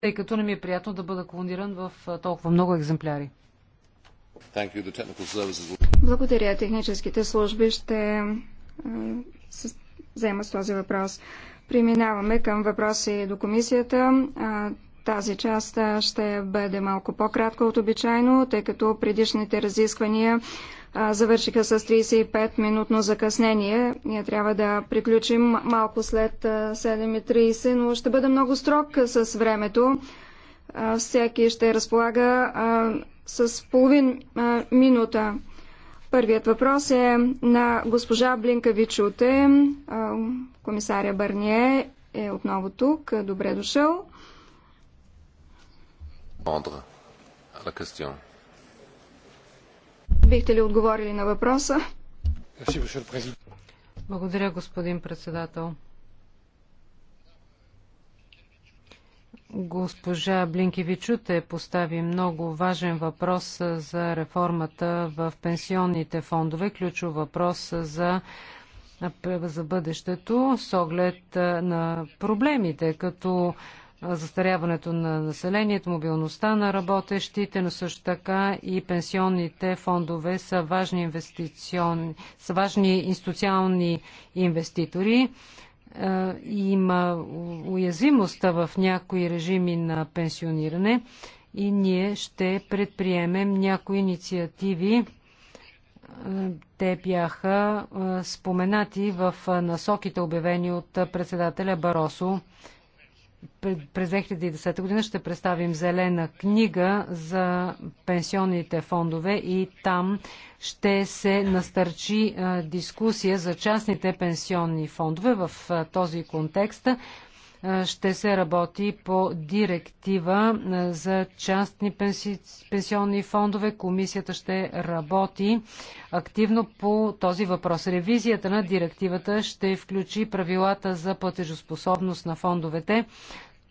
тъй като не ми е приятно да бъда клониран в толкова много екземпляри. Благодаря. Техническите служби ще се взема с този въпрос. Преминаваме към въпроси до комисията. Тази част ще бъде малко по-кратка от обичайно, тъй като предишните разисквания завършиха с 35-минутно закъснение. Ние трябва да приключим малко след 7.30, но ще бъда много строг с времето. Всеки ще разполага с половин минута. Първият въпрос е на госпожа Блинка Вичуте. Комисаря Бърние е отново тук. Добре дошъл. Андра, на къстион. Бихте ли отговорили на въпроса? Благодаря, господин председател. Госпожа Блинкевичуте постави много важен въпрос за реформата в пенсионните фондове, ключов въпрос за, за бъдещето с оглед на проблемите, като застаряването на населението, мобилността на работещите, но също така и пенсионните фондове са важни, инвестицион... са важни институционални инвеститори. Има уязвимост в някои режими на пенсиониране и ние ще предприемем някои инициативи. Те бяха споменати в насоките, обявени от председателя Баросо през 2010 година ще представим зелена книга за пенсионните фондове и там ще се настърчи дискусия за частните пенсионни фондове. В този контекст ще се работи по директива за частни пенсионни фондове. Комисията ще работи активно по този въпрос. Ревизията на директивата ще включи правилата за платежоспособност на фондовете.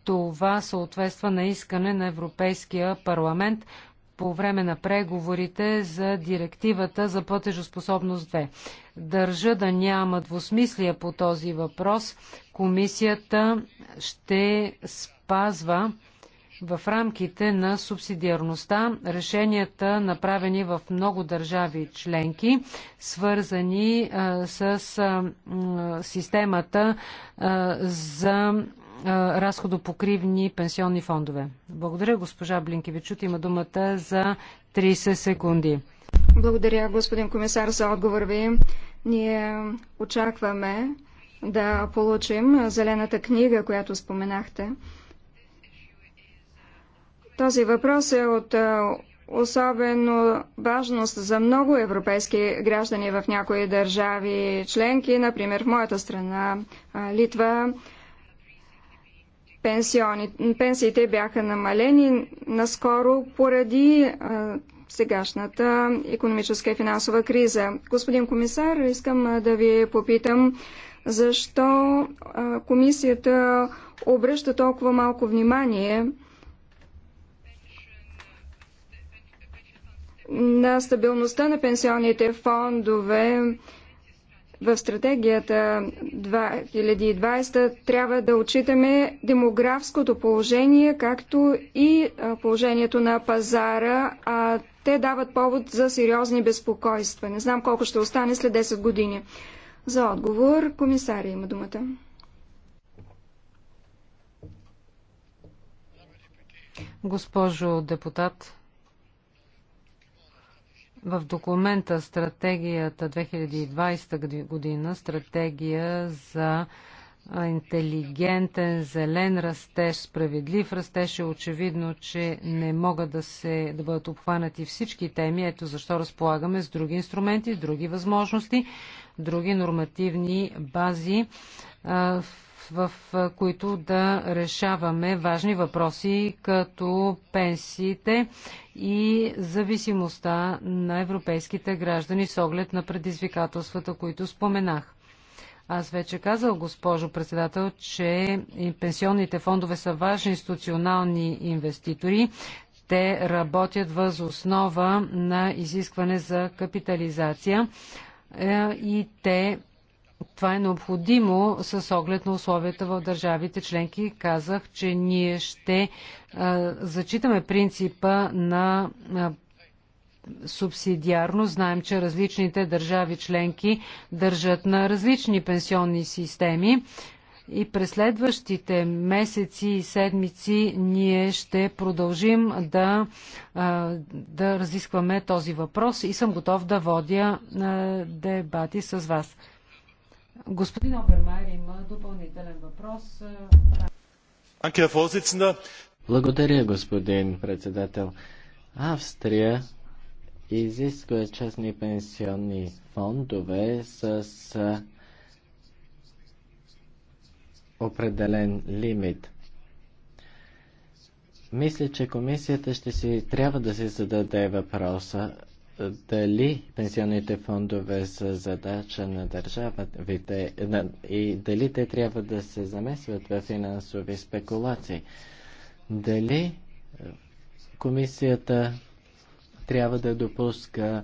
Това съответства на искане на Европейския парламент по време на преговорите за директивата за платежоспособност 2. Държа да няма двусмислия по този въпрос. Комисията ще спазва в рамките на субсидиарността решенията, направени в много държави членки, свързани а, с а, системата а, за разходопокривни пенсионни фондове. Благодаря, госпожа Блинкевичут. Има думата за 30 секунди. Благодаря, господин комисар, за отговор ви. Ние очакваме да получим зелената книга, която споменахте. Този въпрос е от особено важност за много европейски граждани в някои държави членки, например в моята страна Литва, пенсиите бяха намалени наскоро поради сегашната економическа и финансова криза. Господин комисар, искам да ви попитам защо комисията обръща толкова малко внимание на стабилността на пенсионните фондове, в стратегията 2020 трябва да отчитаме демографското положение, както и положението на пазара, а те дават повод за сериозни безпокойства. Не знам колко ще остане след 10 години. За отговор комисария има думата. Госпожо депутат, в документа Стратегията 2020 година, стратегия за интелигентен, зелен растеж, справедлив растеж е очевидно, че не могат да, се, да бъдат обхванати всички теми. Ето защо разполагаме с други инструменти, с други възможности, други нормативни бази, в които да решаваме важни въпроси, като пенсиите и зависимостта на европейските граждани с оглед на предизвикателствата, които споменах. Аз вече казал, госпожо председател, че пенсионните фондове са важни институционални инвеститори. Те работят въз основа на изискване за капитализация е, и те това е необходимо с оглед на условията в държавите членки. Казах, че ние ще а, зачитаме принципа на а, субсидиарно. Знаем, че различните държави членки държат на различни пенсионни системи. И през следващите месеци и седмици ние ще продължим да, да разискваме този въпрос и съм готов да водя дебати с вас. Господин Обермайер има допълнителен въпрос. Благодаря, господин председател. Австрия изисква частни пенсионни фондове с определен лимит. Мисля, че комисията ще си трябва да се зададе въпроса дали пенсионните фондове са задача на държавата и дали те трябва да се замесват в финансови спекулации. Дали е, комисията трябва да допуска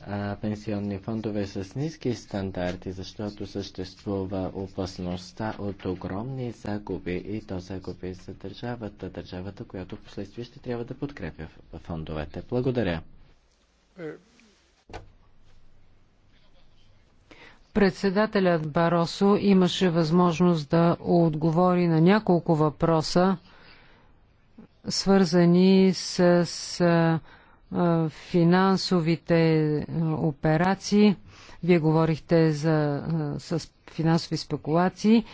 а, пенсионни фондове с ниски стандарти, защото съществува опасността от огромни загуби и то загуби за държавата, държавата, която последствие ще трябва да подкрепя фондовете. Благодаря. Председателят Баросо имаше възможност да отговори на няколко въпроса, свързани с финансовите операции. Вие говорихте за, с финансови спекулации.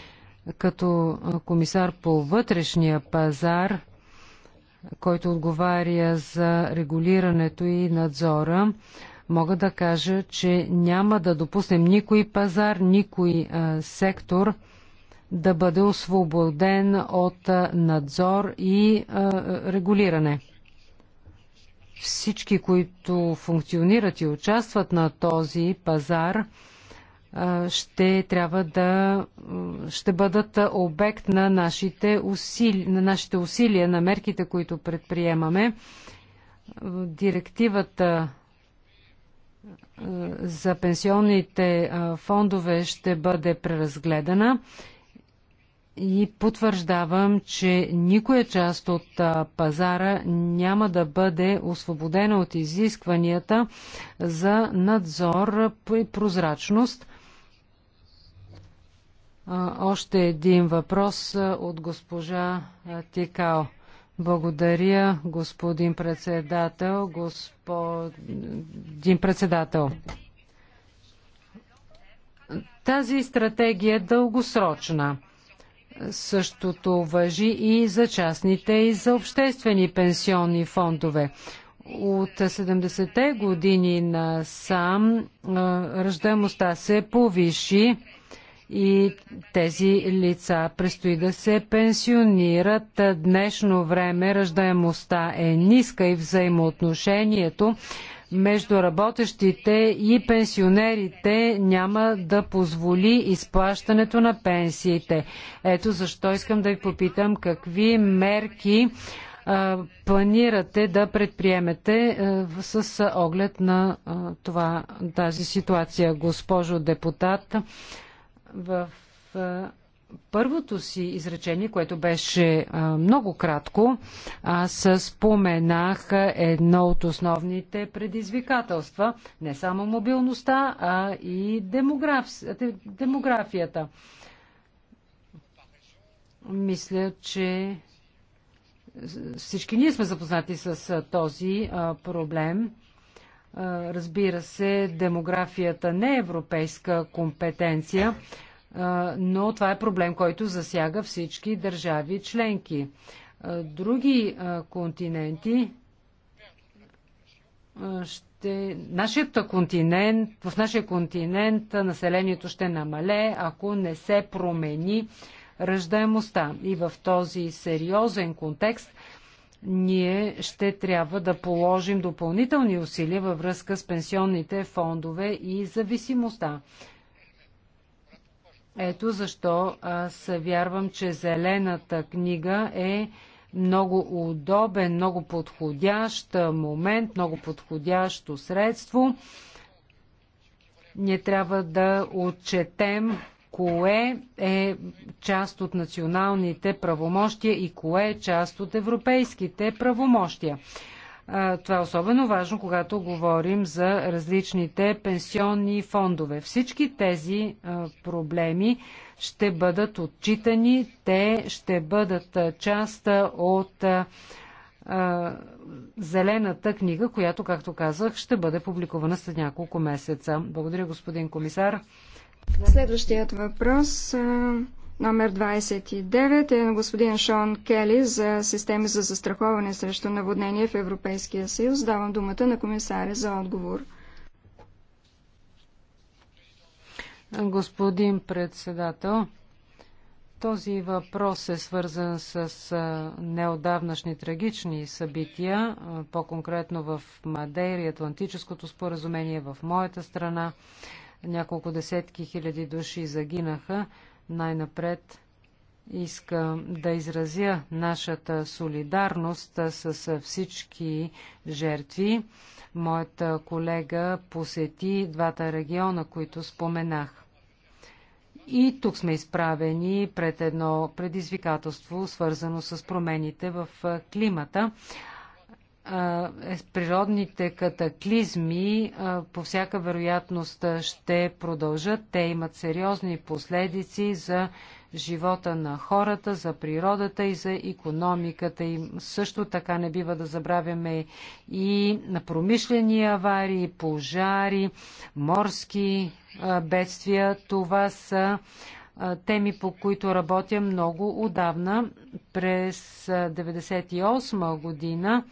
Като комисар по вътрешния пазар който отговаря за регулирането и надзора, мога да кажа, че няма да допуснем никой пазар, никой а, сектор да бъде освободен от а, надзор и а, регулиране. Всички, които функционират и участват на този пазар, ще трябва да ще бъдат обект на нашите, усили, на нашите усилия, на мерките, които предприемаме. Директивата за пенсионните фондове ще бъде преразгледана и потвърждавам, че никоя част от пазара няма да бъде освободена от изискванията за надзор и прозрачност още един въпрос от госпожа Тикао. Благодаря, господин председател. Господин председател. Тази стратегия е дългосрочна. Същото въжи и за частните и за обществени пенсионни фондове. От 70-те години на сам ръждаемостта се повиши и тези лица предстои да се пенсионират. Днешно време ръждаемостта е ниска и взаимоотношението между работещите и пенсионерите няма да позволи изплащането на пенсиите. Ето защо искам да ви попитам какви мерки а, планирате да предприемете а, с оглед на а, това, тази ситуация, госпожо депутат. В първото си изречение, което беше много кратко, аз споменах едно от основните предизвикателства, не само мобилността, а и демограф... демографията. Мисля, че всички ние сме запознати с този проблем. Разбира се, демографията не е европейска компетенция, но това е проблем, който засяга всички държави членки. Други континенти ще... Нашият континент, в нашия континент населението ще намалее, ако не се промени ръждаемостта. И в този сериозен контекст ние ще трябва да положим допълнителни усилия във връзка с пенсионните фондове и зависимостта. Ето защо аз вярвам, че зелената книга е много удобен, много подходящ момент, много подходящо средство. Ние трябва да отчетем кое е част от националните правомощия и кое е част от европейските правомощия. Това е особено важно, когато говорим за различните пенсионни фондове. Всички тези проблеми ще бъдат отчитани, те ще бъдат част от зелената книга, която, както казах, ще бъде публикувана след няколко месеца. Благодаря, господин комисар. Следващият въпрос, номер 29, е на господин Шон Кели за системи за застраховане срещу наводнение в Европейския съюз. Давам думата на комисаря за отговор. Господин председател, този въпрос е свързан с неодавнашни трагични събития, по-конкретно в Мадейри, Атлантическото споразумение в моята страна, няколко десетки хиляди души загинаха. Най-напред искам да изразя нашата солидарност с всички жертви. Моята колега посети двата региона, които споменах. И тук сме изправени пред едно предизвикателство, свързано с промените в климата, е, природните катаклизми по всяка вероятност ще продължат. Те имат сериозни последици за живота на хората, за природата и за економиката. И също така не бива да забравяме и на промишлени аварии, пожари, морски бедствия. Това са теми, по които работя много отдавна. През 1998 година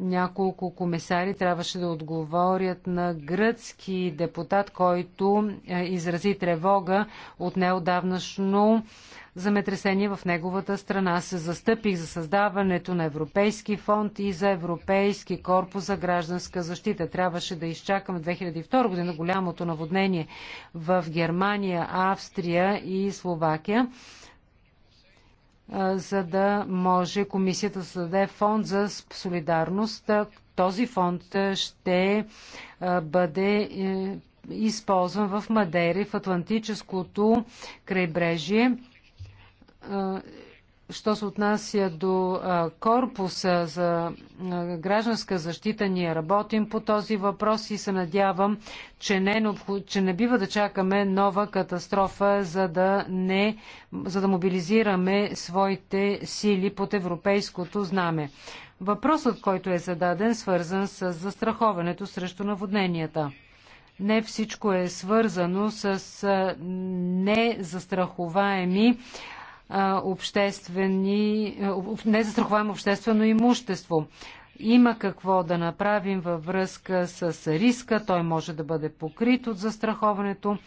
няколко комисари трябваше да отговорят на гръцки депутат, който е, изрази тревога от неодавнашно земетресение в неговата страна. Аз се застъпих за създаването на Европейски фонд и за Европейски корпус за гражданска защита. Трябваше да изчакам 2002 година голямото наводнение в Германия, Австрия и Словакия за да може комисията да създаде фонд за солидарност. Този фонд ще бъде е, използван в Мадери, в Атлантическото крайбрежие Що се отнася до корпуса за гражданска защита, ние работим по този въпрос и се надявам, че не, е че не бива да чакаме нова катастрофа, за да, не... за да мобилизираме своите сили под европейското знаме. Въпросът, който е зададен, свързан с застраховането срещу наводненията. Не всичко е свързано с незастраховаеми застраховаеми обществени, не застраховаемо обществено имущество. Има какво да направим във връзка с риска. Той може да бъде покрит от застраховането.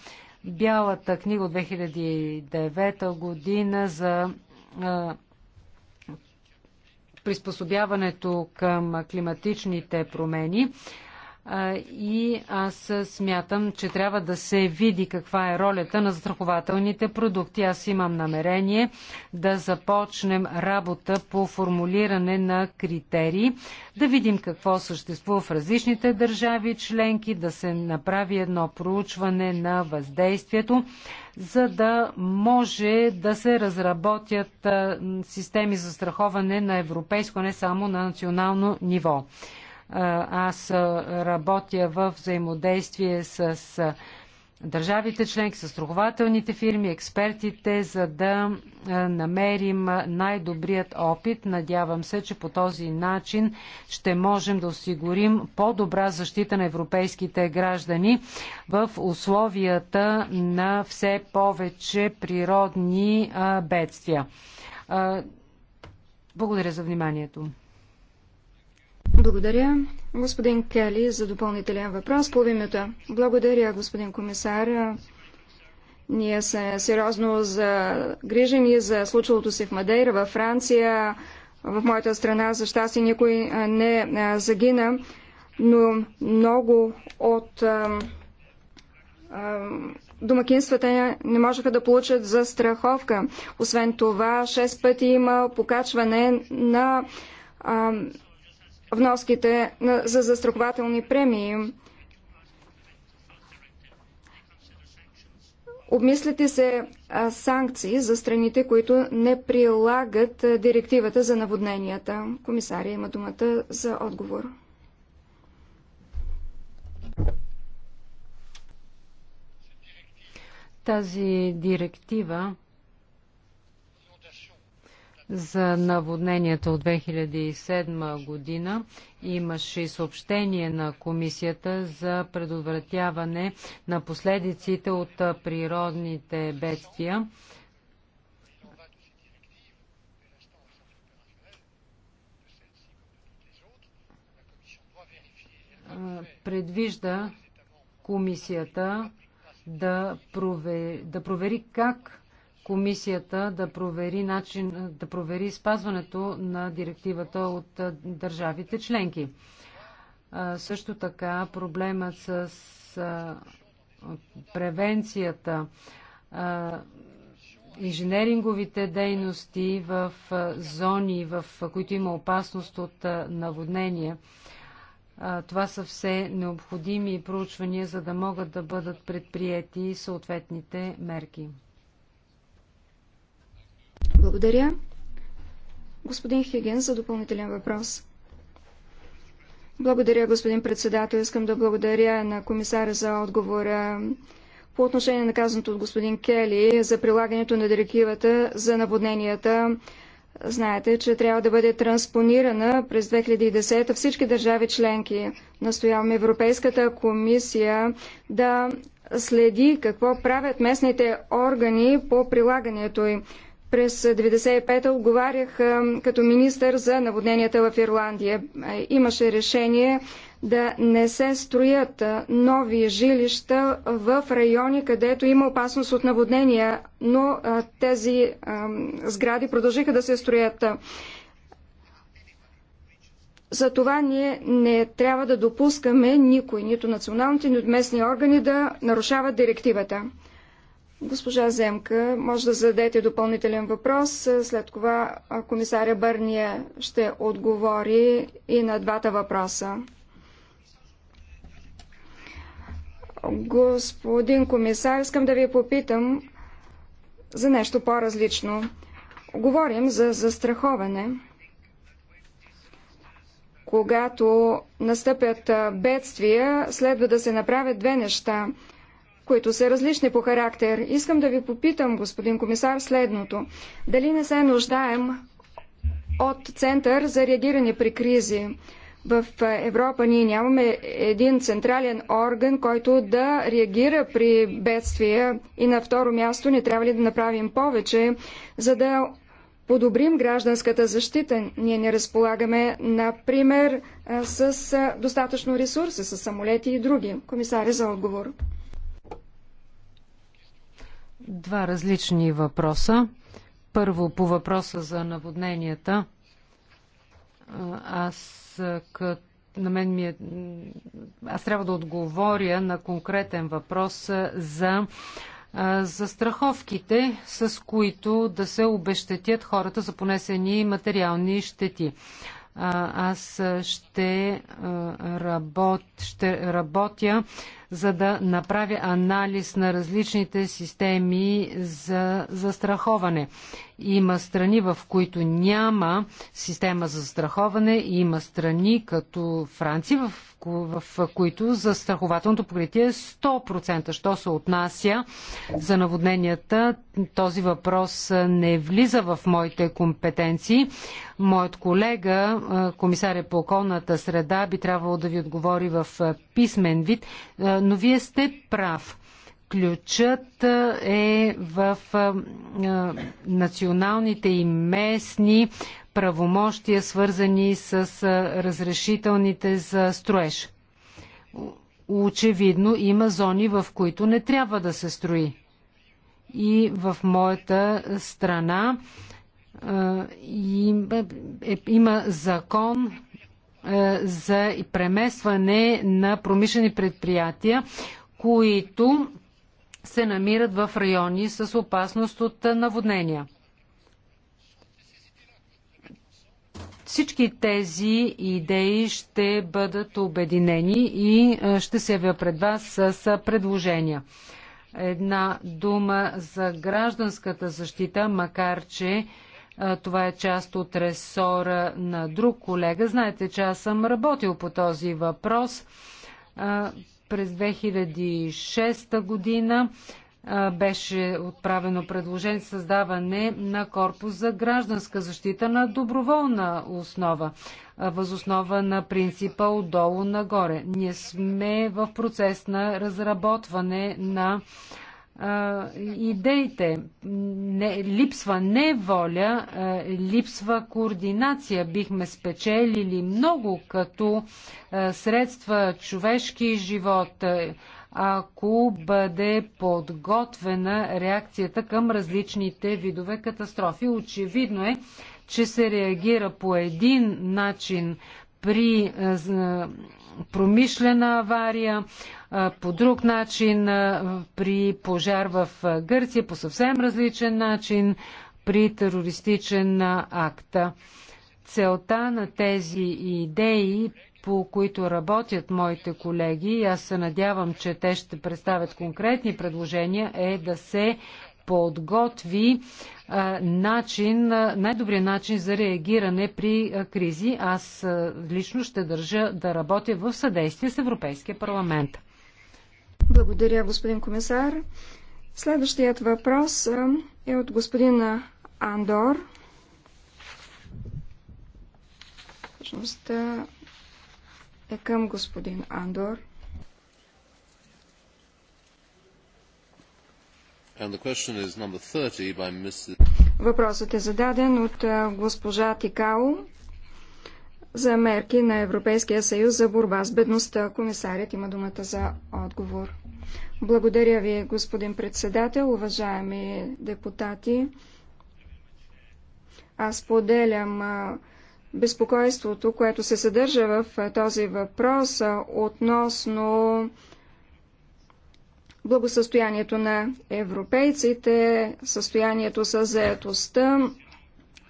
Бялата книга от 2009 година за приспособяването към климатичните промени и аз смятам, че трябва да се види каква е ролята на застрахователните продукти. Аз имам намерение да започнем работа по формулиране на критерии, да видим какво съществува в различните държави членки, да се направи едно проучване на въздействието, за да може да се разработят системи за страховане на европейско, не само на национално ниво. Аз работя в взаимодействие с държавите членки, с страхователните фирми, експертите, за да намерим най-добрият опит. Надявам се, че по този начин ще можем да осигурим по-добра защита на европейските граждани в условията на все повече природни бедствия. Благодаря за вниманието. Благодаря, господин Кели, за допълнителен въпрос. Половината. Благодаря, господин комисар. Ние сме сериозно загрижени за случилото се в Мадейра, във Франция, в моята страна. За щастие никой не загина, но много от домакинствата не можеха да получат за страховка. Освен това, 6 пъти има покачване на вноските за застрахователни премии. Обмислите се санкции за страните, които не прилагат директивата за наводненията. Комисария има думата за отговор. Тази директива за наводненията от 2007 година имаше и съобщение на Комисията за предотвратяване на последиците от природните бедствия. Предвижда комисията да провери, да провери как комисията да провери, начин, да провери спазването на директивата от държавите членки. Също така проблемът с превенцията, инженеринговите дейности в зони, в които има опасност от наводнение. Това са все необходими проучвания, за да могат да бъдат предприяти съответните мерки. Благодаря. Господин Хиген за допълнителен въпрос. Благодаря, господин председател. Искам да благодаря на комисара за отговора по отношение на казаното от господин Кели за прилагането на директивата за наводненията. Знаете, че трябва да бъде транспонирана през 2010 всички държави членки. Настояваме Европейската комисия да следи какво правят местните органи по прилагането им. През 1995 отговарях като министър за наводненията в Ирландия. Имаше решение да не се строят нови жилища в райони, където има опасност от наводнения, но тези сгради продължиха да се строят. За това ние не трябва да допускаме никой, нито националните, нито местни органи да нарушават директивата. Госпожа Земка, може да зададете допълнителен въпрос. След това комисаря Бърния ще отговори и на двата въпроса. Господин комисар, искам да ви попитам за нещо по-различно. Говорим за застраховане. Когато настъпят бедствия, следва да се направят две неща – които са различни по характер. Искам да ви попитам, господин комисар, следното. Дали не се нуждаем от Център за реагиране при кризи? В Европа ние нямаме един централен орган, който да реагира при бедствия и на второ място не трябва ли да направим повече, за да подобрим гражданската защита. Ние не разполагаме, например, с достатъчно ресурси, с самолети и други. комисаре, за отговор два различни въпроса. Първо по въпроса за наводненията. Аз като на мен ми е... Аз трябва да отговоря на конкретен въпрос за за страховките, с които да се обещетят хората за понесени материални щети. Аз ще, работ, ще работя за да направя анализ на различните системи за застраховане. Има страни, в които няма система за страховане, има страни като Франция, в, в, в които застрахователното покритие е 100%. Що се отнася за наводненията, този въпрос не влиза в моите компетенции. Моят колега, комисаря е по околната среда, би трябвало да ви отговори в писмен вид, но вие сте прав Ключът е в националните и местни правомощия, свързани с разрешителните за строеж. Очевидно има зони, в които не трябва да се строи. И в моята страна е, има закон за преместване на промишлени предприятия, които се намират в райони с опасност от наводнения. Всички тези идеи ще бъдат обединени и ще се явя пред вас с предложения. Една дума за гражданската защита, макар че това е част от ресора на друг колега. Знаете, че аз съм работил по този въпрос през 2006 година беше отправено предложение създаване на корпус за гражданска защита на доброволна основа, възоснова на принципа отдолу нагоре. Ние сме в процес на разработване на идеите. Не, липсва не воля, липсва координация. Бихме спечелили много като средства човешки живот, ако бъде подготвена реакцията към различните видове катастрофи. Очевидно е, че се реагира по един начин при промишлена авария, по друг начин при пожар в Гърция, по съвсем различен начин при терористичен акт. Целта на тези идеи, по които работят моите колеги, и аз се надявам, че те ще представят конкретни предложения, е да се подготви начин, най добрия начин за реагиране при кризи. Аз лично ще държа да работя в съдействие с Европейския парламент. Благодаря, господин комисар. Следващият въпрос е от господин Андор. Всъщност е към господин Андор. Въпросът е зададен от госпожа Тикао за мерки на Европейския съюз за борба с бедността. Комисарят има думата за отговор. Благодаря ви, господин председател, уважаеми депутати. Аз поделям безпокойството, което се съдържа в този въпрос относно благосъстоянието на европейците, състоянието с заетостта,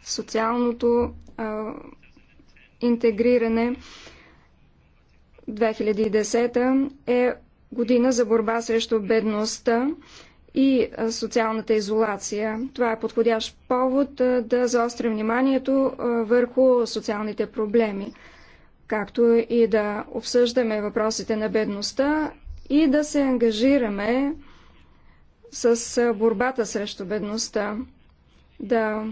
социалното а, интегриране. 2010 е година за борба срещу бедността и социалната изолация. Това е подходящ повод да заостря вниманието върху социалните проблеми, както и да обсъждаме въпросите на бедността и да се ангажираме с борбата срещу бедността, да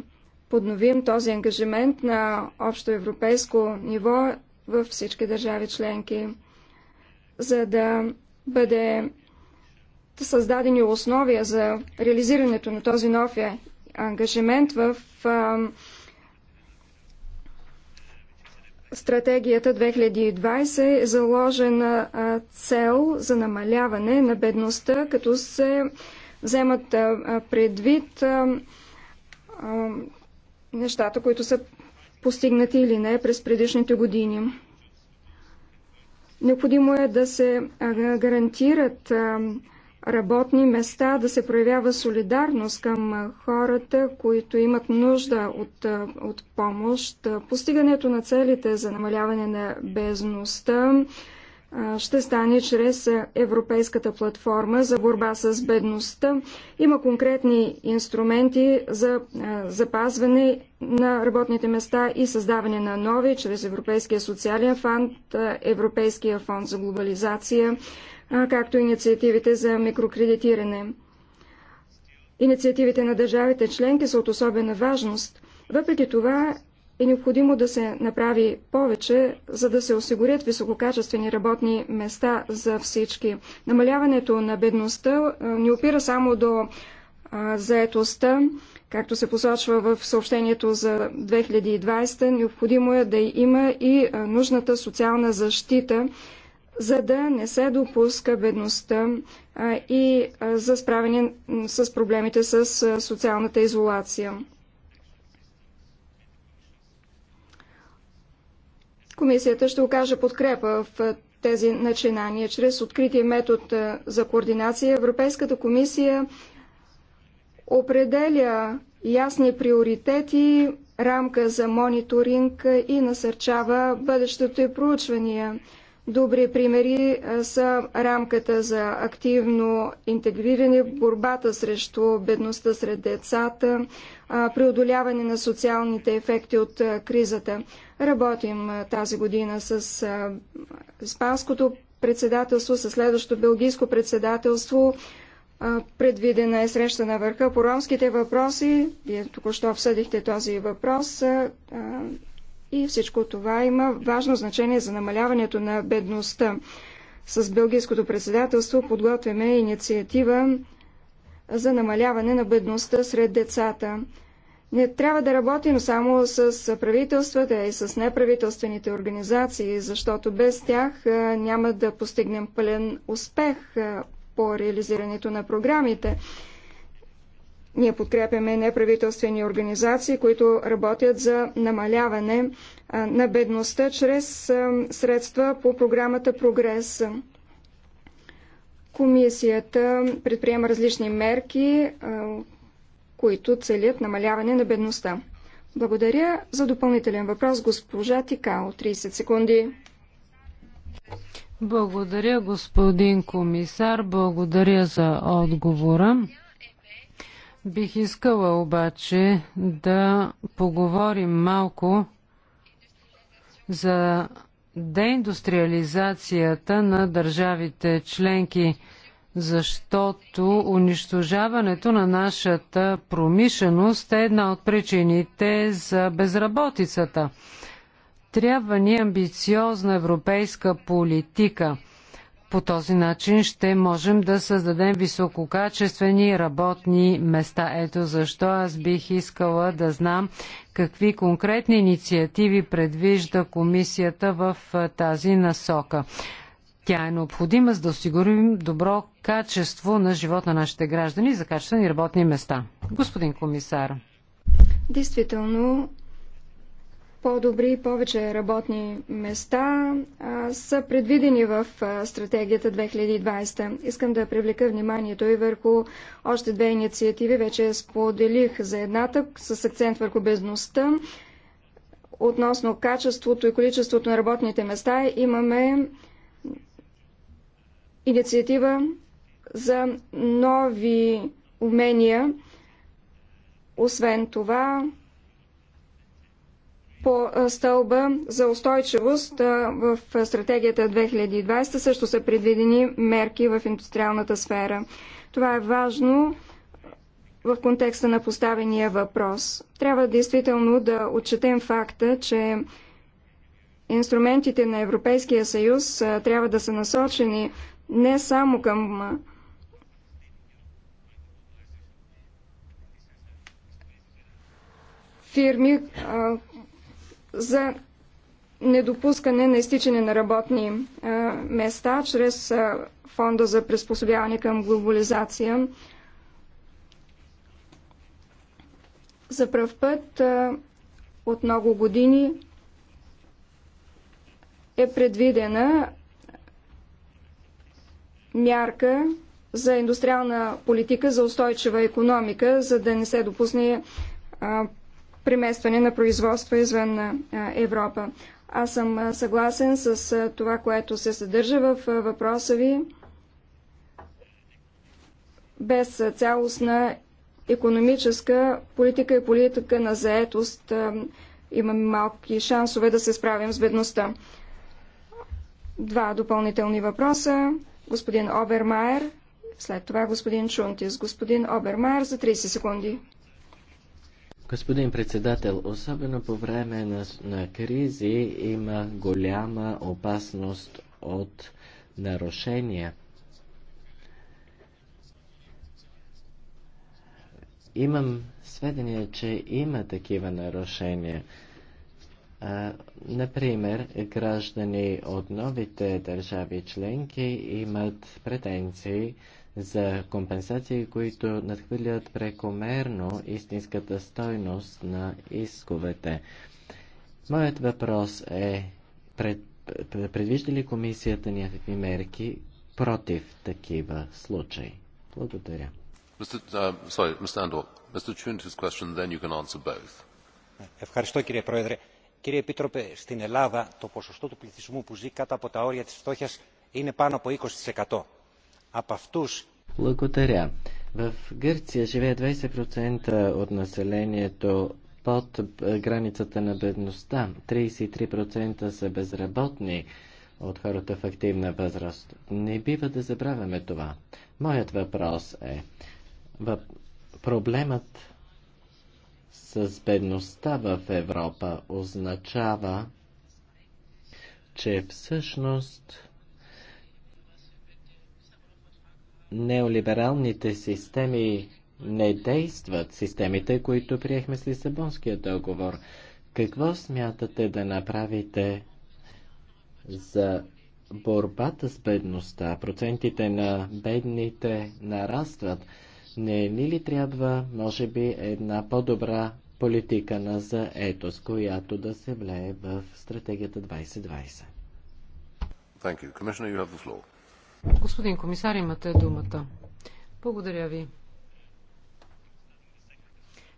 подновим този ангажимент на общо европейско ниво във всички държави членки, за да бъде създадени условия за реализирането на този нов е, ангажимент в стратегията 2020 е заложена цел за намаляване на бедността, като се вземат предвид нещата, които са постигнати или не през предишните години. Необходимо е да се гарантират работни места, да се проявява солидарност към хората, които имат нужда от, от помощ. Постигането на целите за намаляване на безността, ще стане чрез Европейската платформа за борба с бедността. Има конкретни инструменти за запазване на работните места и създаване на нови, чрез Европейския социален фонд, Европейския фонд за глобализация, както инициативите за микрокредитиране. Инициативите на държавите членки са от особена важност. Въпреки това, е необходимо да се направи повече, за да се осигурят висококачествени работни места за всички. Намаляването на бедността не опира само до заетостта, както се посочва в съобщението за 2020, необходимо е да има и нужната социална защита, за да не се допуска бедността и за справяне с проблемите с социалната изолация. Комисията ще окаже подкрепа в тези начинания. Чрез открития метод за координация Европейската комисия определя ясни приоритети, рамка за мониторинг и насърчава бъдещето и проучвания. Добри примери са рамката за активно интегриране, борбата срещу бедността сред децата, преодоляване на социалните ефекти от кризата. Работим тази година с Испанското председателство, с следващото Белгийско председателство. Предвидена е среща на върха по ромските въпроси. Вие току-що обсъдихте този въпрос. И всичко това има важно значение за намаляването на бедността. С Белгийското председателство подготвяме инициатива за намаляване на бедността сред децата. Не трябва да работим само с правителствата и с неправителствените организации, защото без тях няма да постигнем пълен успех по реализирането на програмите. Ние подкрепяме неправителствени организации, които работят за намаляване на бедността чрез средства по програмата Прогрес. Комисията предприема различни мерки, които целят намаляване на бедността. Благодаря за допълнителен въпрос госпожа Тикао. 30 секунди. Благодаря, господин комисар. Благодаря за отговора. Бих искала обаче да поговорим малко за деиндустриализацията на държавите членки, защото унищожаването на нашата промишленост е една от причините за безработицата. Трябва ни амбициозна европейска политика – по този начин ще можем да създадем висококачествени работни места. Ето защо аз бих искала да знам какви конкретни инициативи предвижда комисията в тази насока. Тя е необходима за да осигурим добро качество на живот на нашите граждани за качествени работни места. Господин комисар. Действително, по-добри и повече работни места а, са предвидени в а, стратегията 2020. Искам да привлека вниманието и върху още две инициативи. Вече споделих за едната с акцент върху бездността. Относно качеството и количеството на работните места имаме инициатива за нови умения. Освен това, по стълба за устойчивост в стратегията 2020 също са предвидени мерки в индустриалната сфера. Това е важно в контекста на поставения въпрос. Трябва действително да отчетем факта, че инструментите на Европейския съюз трябва да са насочени не само към фирми, за недопускане на изтичане на работни места чрез фонда за приспособяване към глобализация. За пръв път от много години е предвидена мярка за индустриална политика за устойчива економика, за да не се допусне преместване на производство извън Европа. Аз съм съгласен с това, което се съдържа в въпроса ви. Без цялостна економическа политика и политика на заетост имаме малки шансове да се справим с бедността. Два допълнителни въпроса. Господин Обермайер, след това господин Чунтис. Господин Обермайер за 30 секунди. Господин председател, особено по време на, на кризи има голяма опасност от нарушения. Имам сведения, че има такива нарушения. А, например, граждани от новите държави членки имат претенции за компенсации, които надхвърлят прекомерно истинската стойност на исковете. Моят въпрос е, пред, предвижда ли комисията някакви мерки против такива случаи? Благодаря. Ευχαριστώ κύριε Πρόεδρε. Κύριε Επίτροπε, στην Ελλάδα το ποσοστό του πληθυσμού που ζει κάτω από τα όρια της φτώχειας είναι πάνω από 20%. Благодаря. В Гърция живее 20% от населението под е, границата на бедността. 33% са безработни от хората в активна възраст. Не бива да забравяме това. Моят въпрос е, въп... проблемът с бедността в Европа означава, че всъщност неолибералните системи не действат, системите, които приехме с Лисабонския договор. Какво смятате да направите за борбата с бедността? Процентите на бедните нарастват. Не ни ли трябва, може би, една по-добра политика на заетост, която да се влее в стратегията 2020? Thank you. Commissioner, you have the floor. Господин комисар, имате думата. Благодаря ви.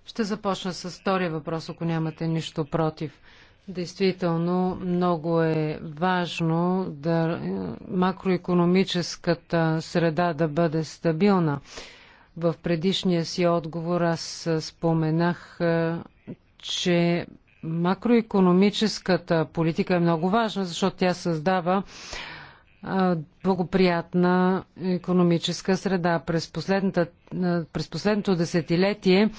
Ще започна с втория въпрос, ако нямате нищо против. Действително, много е важно да макроекономическата среда да бъде стабилна. В предишния си отговор аз споменах, е, че макроекономическата политика е много важна, защото тя създава благоприятна економическа среда. През, през последното десетилетие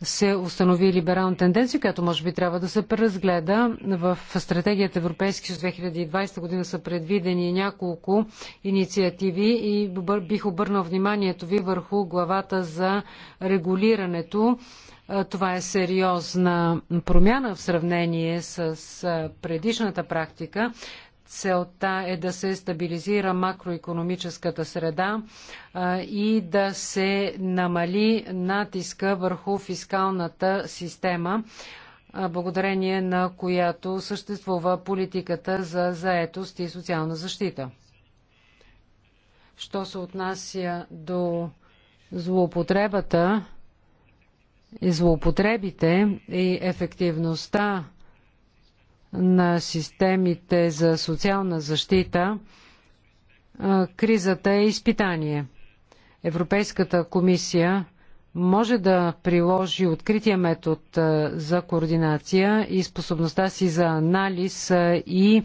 се установи либерална тенденция, която може би трябва да се преразгледа. В стратегията Европейски съюз 2020 година са предвидени няколко инициативи и бих обърнал вниманието ви върху главата за регулирането. Това е сериозна промяна в сравнение с предишната практика. Целта е да се стабилизира макроекономическата среда и да се намали натиска върху фискалната система, благодарение на която съществува политиката за заетост и социална защита. Що се отнася до злоупотребата и злоупотребите и ефективността на системите за социална защита, кризата е изпитание. Европейската комисия може да приложи открития метод за координация и способността си за анализ и,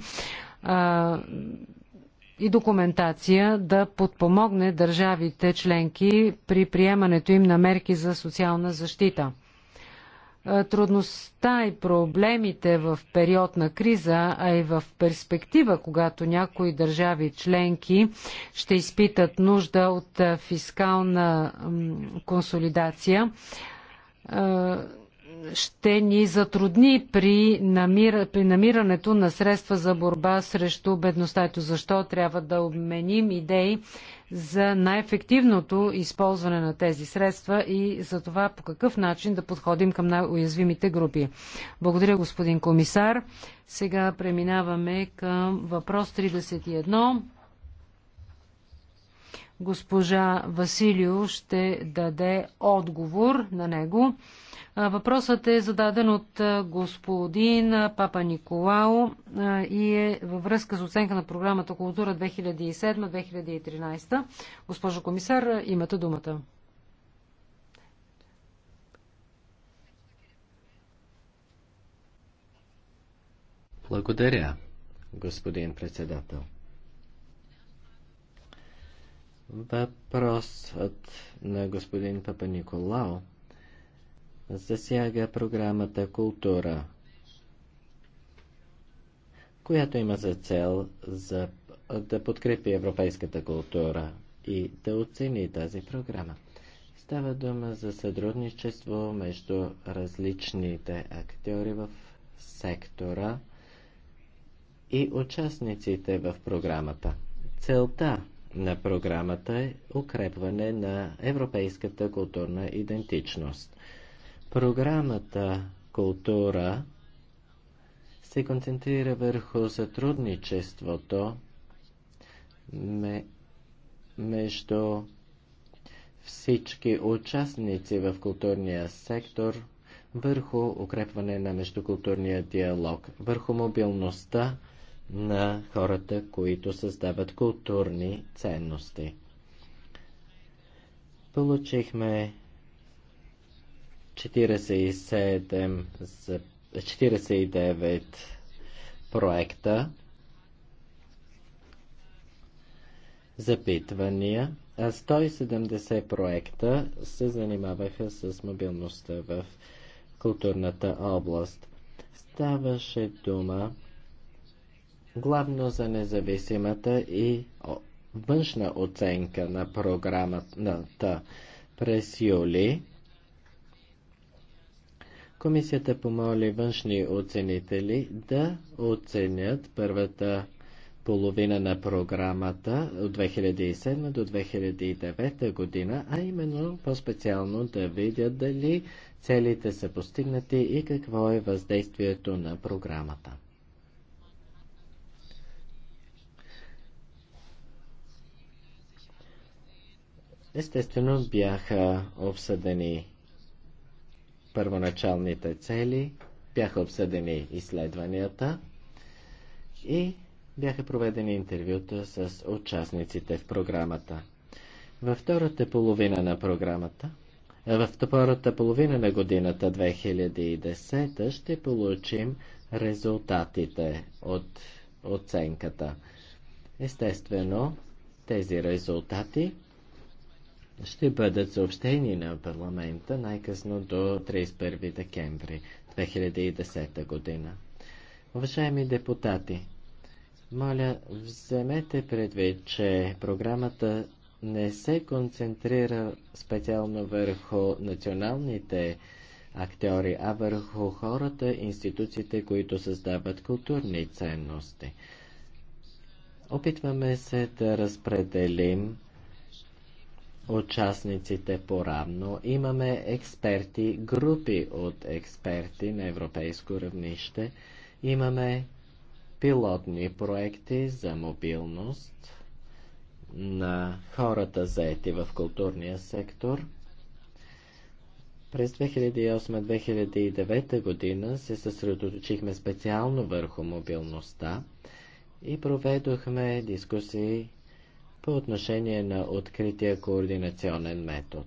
и документация да подпомогне държавите членки при приемането им на мерки за социална защита. Е, трудността и проблемите в период на криза, а и в перспектива, когато някои държави членки ще изпитат нужда от е, фискална консолидация, е, ще ни затрудни при, намира, при намирането на средства за борба срещу бедността. Ето защо трябва да обменим идеи за най-ефективното използване на тези средства и за това по какъв начин да подходим към най-уязвимите групи. Благодаря, господин комисар. Сега преминаваме към въпрос 31. Госпожа Василио ще даде отговор на него. Въпросът е зададен от господин Папа Николао и е във връзка с оценка на програмата Култура 2007-2013. Госпожо комисар, имате думата. Благодаря, господин председател. Въпросът на господин Папа Николао засяга програмата Култура, която има за цел за, да подкрепи европейската култура и да оцени тази програма. Става дума за сътрудничество между различните актьори в сектора и участниците в програмата. Целта на програмата е укрепване на европейската културна идентичност. Програмата Култура се концентрира върху сътрудничеството между всички участници в културния сектор, върху укрепване на междукултурния диалог, върху мобилността на хората, които създават културни ценности. Получихме 47 за 49 проекта, запитвания, а 170 проекта се занимаваха с мобилността в културната област. Ставаше дума главно за независимата и външна оценка на програмата през юли. Комисията помоли външни оценители да оценят първата половина на програмата от 2007 до 2009 година, а именно по-специално да видят дали целите са постигнати и какво е въздействието на програмата. Естествено бяха обсъдени първоначалните цели, бяха обсъдени изследванията и бяха проведени интервюта с участниците в програмата. Във втората половина на програмата, във втората половина на годината 2010 ще получим резултатите от оценката. Естествено, тези резултати ще бъдат съобщени на парламента най-късно до 31 декември 2010 година. Уважаеми депутати, моля, вземете предвид, че програмата не се концентрира специално върху националните актьори, а върху хората, институциите, които създават културни ценности. Опитваме се да разпределим участниците по-равно. Имаме експерти, групи от експерти на европейско равнище. Имаме пилотни проекти за мобилност на хората заети в културния сектор. През 2008-2009 година се съсредоточихме специално върху мобилността и проведохме дискусии по отношение на открития координационен метод.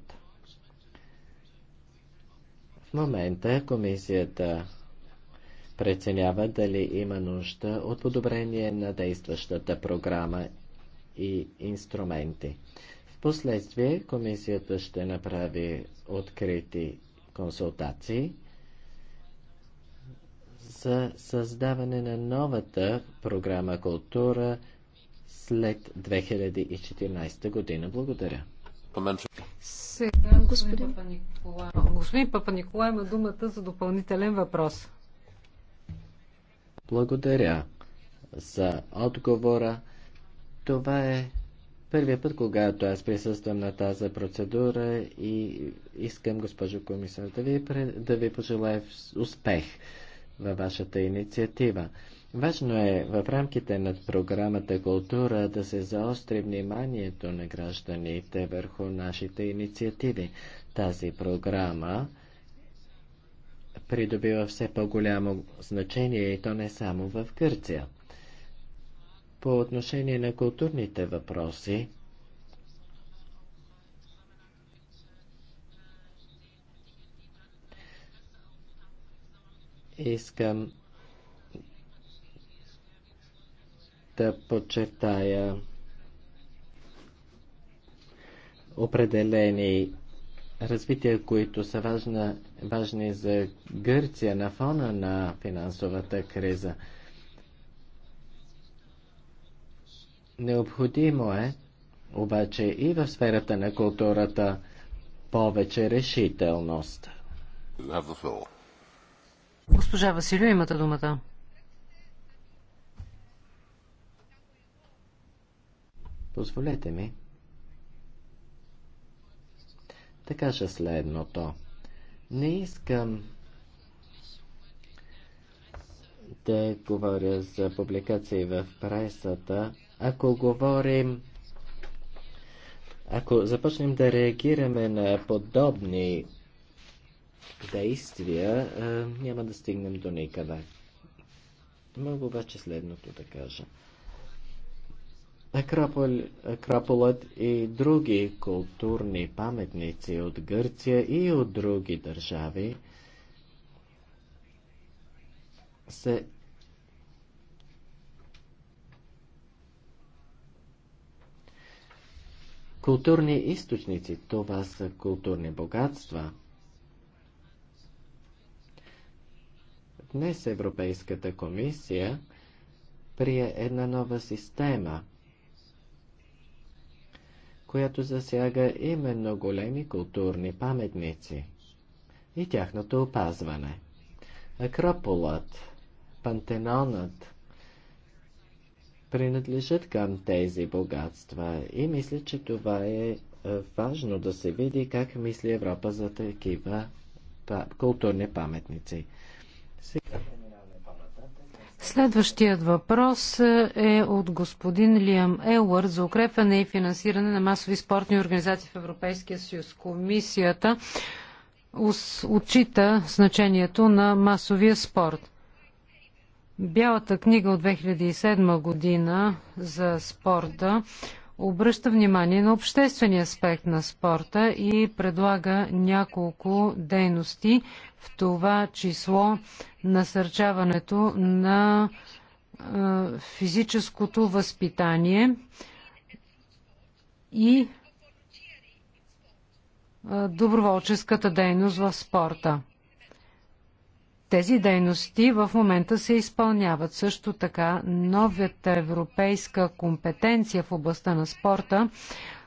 В момента комисията преценява дали има нужда от подобрение на действащата програма и инструменти. В последствие комисията ще направи открити консултации за създаване на новата програма култура – след 2014 година. Благодаря. Сега, господин, Папа Николай. господин Папа Николай има думата за допълнителен въпрос. Благодаря за отговора. Това е първият път, когато аз присъствам на тази процедура и искам, госпожо комисар, да ви, да ви пожелая успех във вашата инициатива. Важно е в рамките на програмата Култура да се заостри вниманието на гражданите върху нашите инициативи. Тази програма придобива все по-голямо значение и то не само в Гърция. По отношение на културните въпроси, искам да подчертая определени развития, които са важна, важни за Гърция на фона на финансовата криза. Необходимо е, обаче и в сферата на културата, повече решителност. Госпожа Василио, имате думата. Позволете ми да кажа следното. Не искам да говоря за публикации в пресата. Ако говорим ако започнем да реагираме на подобни действия, е, няма да стигнем до никъде. Мога обаче следното да кажа. Акрополът и други културни паметници от Гърция и от други държави се Културни източници, това са културни богатства. Днес Европейската комисия прие една нова система – която засяга именно големи културни паметници и тяхното опазване. Акрополът, Пантенонът принадлежат към тези богатства и мисля, че това е, е важно да се види как мисли Европа за такива културни паметници. Сега... Следващият въпрос е от господин Лиам Елър за укрепване и финансиране на масови спортни организации в Европейския съюз. Комисията отчита значението на масовия спорт. Бялата книга от 2007 година за спорта обръща внимание на обществения аспект на спорта и предлага няколко дейности, в това число насърчаването на физическото възпитание и доброволческата дейност в спорта. Тези дейности в момента се изпълняват. Също така новата европейска компетенция в областта на спорта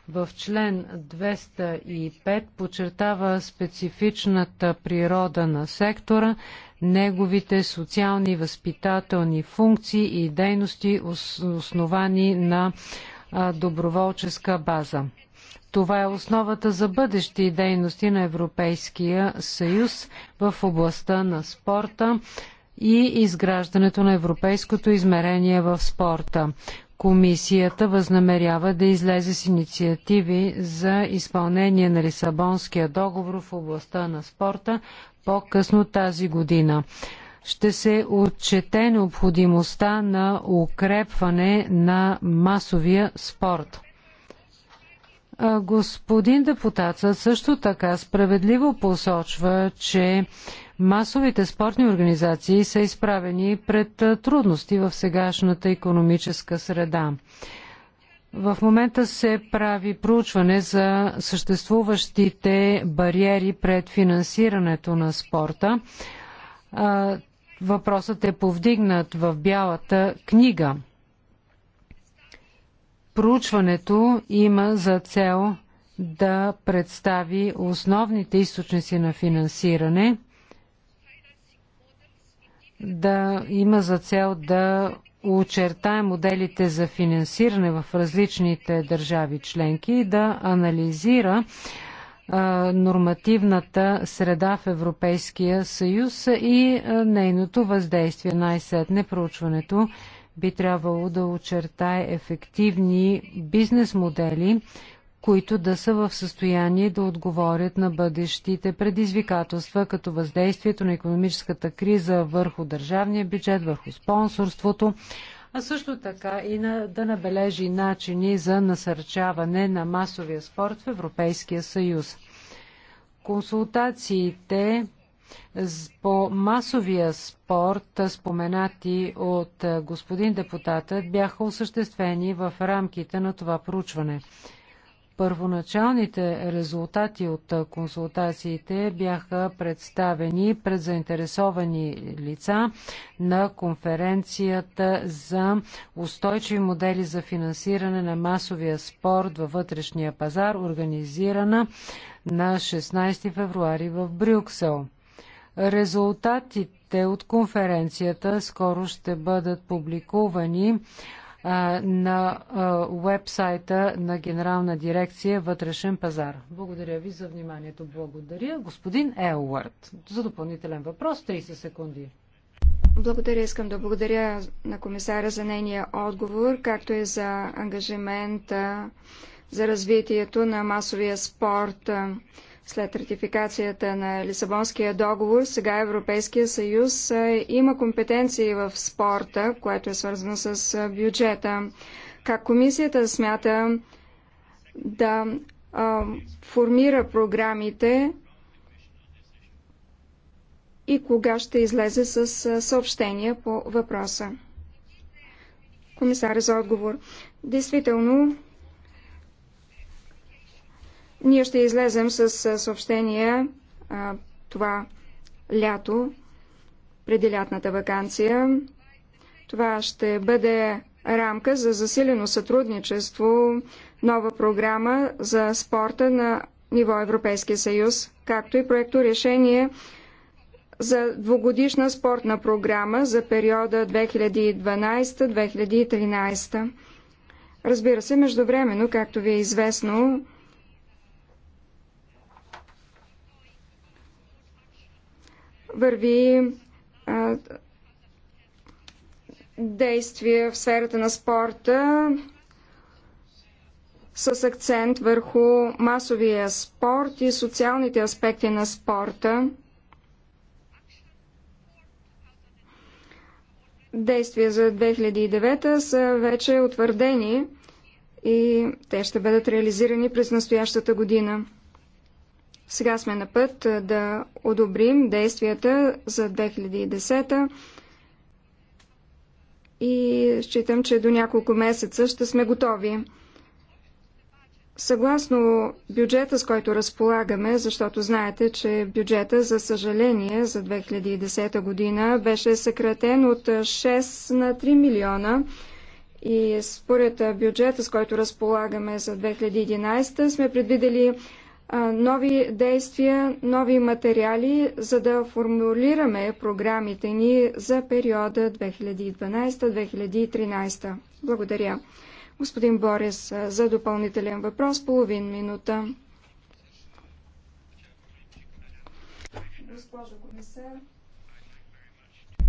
в член 205 подчертава специфичната природа на сектора, неговите социални възпитателни функции и дейности, основани на доброволческа база. Това е основата за бъдещи дейности на Европейския съюз в областта на спорта и изграждането на европейското измерение в спорта. Комисията възнамерява да излезе с инициативи за изпълнение на Лисабонския договор в областта на спорта по-късно тази година. Ще се отчете необходимостта на укрепване на масовия спорт. Господин депутат, също така справедливо посочва, че масовите спортни организации са изправени пред трудности в сегашната економическа среда. В момента се прави проучване за съществуващите бариери пред финансирането на спорта. Въпросът е повдигнат в Бялата книга – Проучването има за цел да представи основните източници на финансиране, да има за цел да очертае моделите за финансиране в различните държави членки и да анализира нормативната среда в Европейския съюз и нейното въздействие. Най-сетне проучването би трябвало да очертае ефективни бизнес модели, които да са в състояние да отговорят на бъдещите предизвикателства, като въздействието на економическата криза върху държавния бюджет, върху спонсорството, а също така и на, да набележи начини за насърчаване на масовия спорт в Европейския съюз. Консултациите по масовия спорт, споменати от господин депутатът, бяха осъществени в рамките на това проучване. Първоначалните резултати от консултациите бяха представени пред заинтересовани лица на конференцията за устойчиви модели за финансиране на масовия спорт във вътрешния пазар, организирана на 16 февруари в Брюксел. Резултатите от конференцията скоро ще бъдат публикувани на вебсайта на Генерална дирекция Вътрешен пазар. Благодаря ви за вниманието. Благодаря. Господин Елвард, за допълнителен въпрос 30 секунди. Благодаря. Искам да благодаря на комисаря за нейния отговор, както и за ангажимента за развитието на масовия спорт. След ратификацията на Лисабонския договор, сега Европейския съюз има компетенции в спорта, което е свързано с бюджета. Как комисията смята да а, формира програмите и кога ще излезе с съобщения по въпроса? Комисаря за отговор. Действително, ние ще излезем с съобщения, а, това лято, преди лятната вакансия. Това ще бъде рамка за засилено сътрудничество, нова програма за спорта на ниво Европейския съюз, както и проекто решение за двугодишна спортна програма за периода 2012-2013. Разбира се, междувременно, както ви е известно, върви а, действия в сферата на спорта с акцент върху масовия спорт и социалните аспекти на спорта. Действия за 2009 са вече утвърдени и те ще бъдат реализирани през настоящата година. Сега сме на път да одобрим действията за 2010 и считам, че до няколко месеца ще сме готови. Съгласно бюджета, с който разполагаме, защото знаете, че бюджета, за съжаление, за 2010 година беше съкратен от 6 на 3 милиона и според бюджета, с който разполагаме за 2011, сме предвидели нови действия, нови материали, за да формулираме програмите ни за периода 2012-2013. Благодаря. Господин Борис, за допълнителен въпрос, половин минута. Госпожо комисар,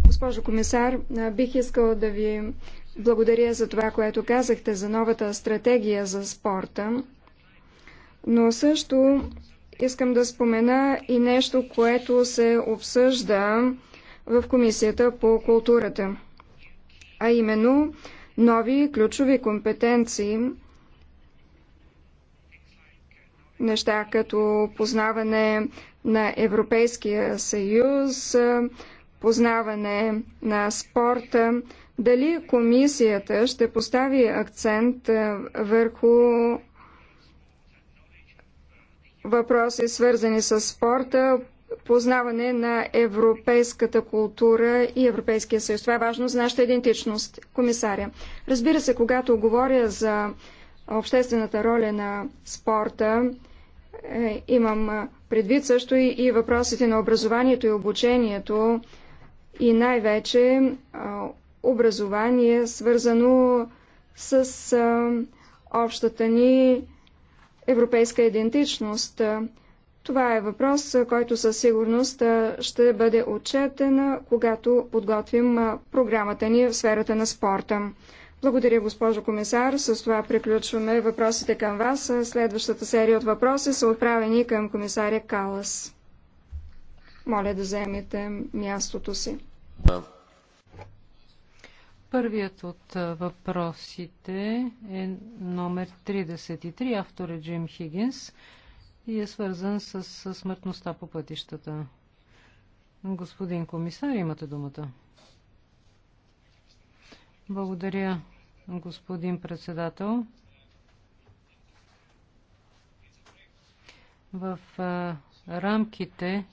госпожо комисар, бих искал да ви благодаря за това, което казахте за новата стратегия за спорта. Но също искам да спомена и нещо, което се обсъжда в Комисията по културата, а именно нови ключови компетенции, неща като познаване на Европейския съюз, познаване на спорта, дали комисията ще постави акцент върху въпроси, свързани с спорта, познаване на европейската култура и Европейския съюз. Това е важно за нашата идентичност, комисаря. Разбира се, когато говоря за обществената роля на спорта, е, имам предвид също и въпросите на образованието и обучението и най-вече образование, свързано с общата ни европейска идентичност. Това е въпрос, който със сигурност ще бъде отчетен, когато подготвим програмата ни в сферата на спорта. Благодаря, госпожо комисар. С това приключваме въпросите към вас. Следващата серия от въпроси са отправени към комисаря Калас. Моля да вземете мястото си. Първият от въпросите е номер 33, автор е Джим Хигинс и е свързан с смъртността по пътищата. Господин комисар, имате думата. Благодаря, господин председател. В рамките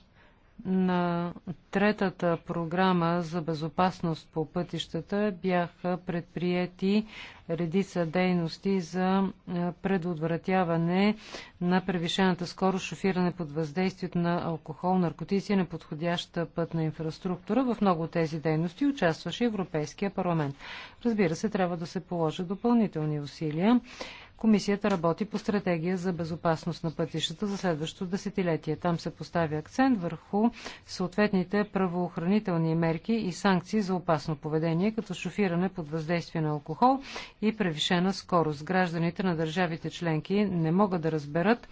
на третата програма за безопасност по пътищата бяха предприяти редица дейности за е, предотвратяване на превишената скорост, шофиране под въздействието на алкохол, наркотици и неподходяща пътна инфраструктура. В много от тези дейности участваше Европейския парламент. Разбира се, трябва да се положат допълнителни усилия. Комисията работи по стратегия за безопасност на пътищата за следващото десетилетие. Там се поставя акцент върху съответните правоохранителни мерки и санкции за опасно поведение, като шофиране под въздействие на алкохол и превишена скорост. Гражданите на държавите членки не могат да разберат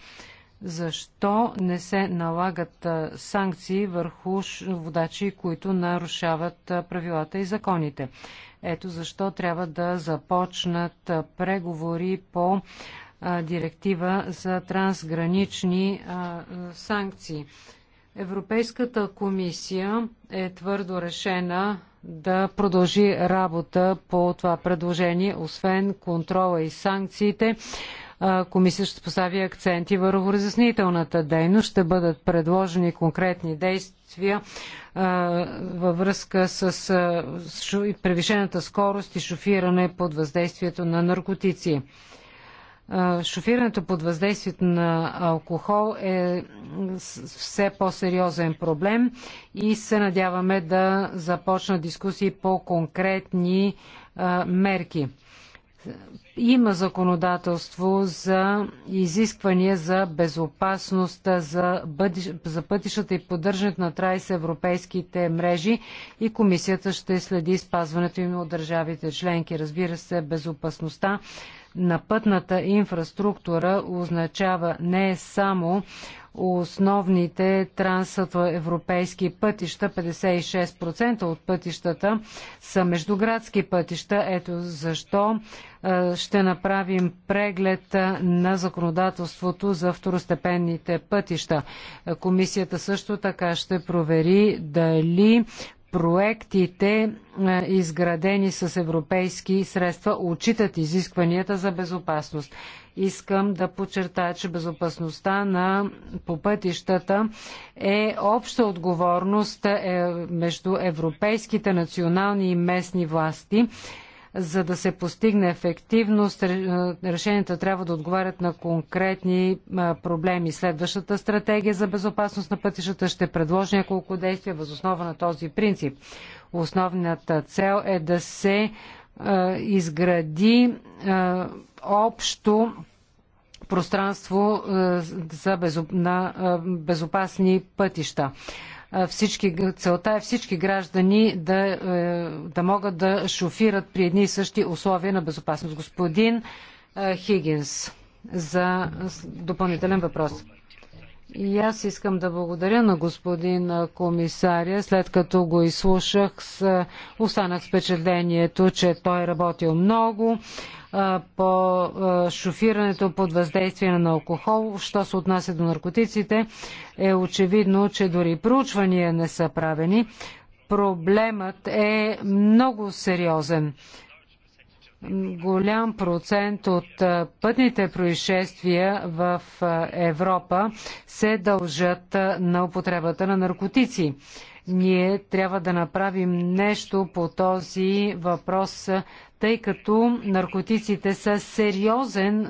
защо не се налагат санкции върху водачи, които нарушават правилата и законите? Ето защо трябва да започнат преговори по директива за трансгранични санкции. Европейската комисия е твърдо решена да продължи работа по това предложение, освен контрола и санкциите комисията ще постави акценти върху разяснителната дейност. Ще бъдат предложени конкретни действия във връзка с превишената скорост и шофиране под въздействието на наркотици. Шофирането под въздействието на алкохол е все по-сериозен проблем и се надяваме да започна дискусии по конкретни мерки. Има законодателство за изисквания за безопасност за, бъдиш, за пътищата и поддържането на трайс европейските мрежи и комисията ще следи спазването им от държавите членки. Разбира се, безопасността на пътната инфраструктура означава не само основните трансевропейски пътища. 56% от пътищата са междуградски пътища. Ето защо ще направим преглед на законодателството за второстепенните пътища. Комисията също така ще провери дали проектите, е, изградени с европейски средства, отчитат изискванията за безопасност. Искам да подчертая, че безопасността на по пътищата е обща отговорност е, между европейските национални и местни власти за да се постигне ефективност, решенията трябва да отговарят на конкретни проблеми. Следващата стратегия за безопасност на пътищата ще предложи няколко действия възоснова на този принцип. Основната цел е да се изгради общо пространство за безопасни пътища всички, целта е всички граждани да, е, да могат да шофират при едни и същи условия на безопасност. Господин е, Хигинс за допълнителен въпрос. И аз искам да благодаря на господин комисаря. След като го изслушах, останах с впечатлението, че той е работил много по шофирането под въздействие на алкохол. Що се отнася до наркотиците, е очевидно, че дори проучвания не са правени. Проблемът е много сериозен голям процент от пътните происшествия в Европа се дължат на употребата на наркотици. Ние трябва да направим нещо по този въпрос тъй като наркотиците са, сериозен,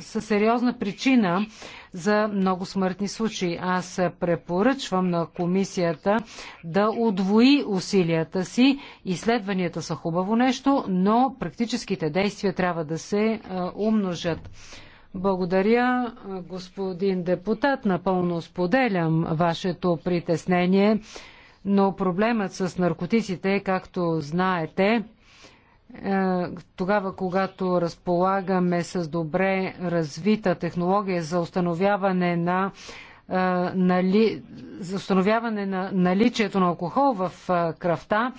са сериозна причина за много смъртни случаи. Аз препоръчвам на комисията да удвои усилията си. Изследванията са хубаво нещо, но практическите действия трябва да се умножат. Благодаря, господин депутат. Напълно споделям вашето притеснение, но проблемът с наркотиците, както знаете, е, тогава, когато разполагаме с добре развита технология за установяване на е, нали, за установяване на наличието на алкохол в е, кръвта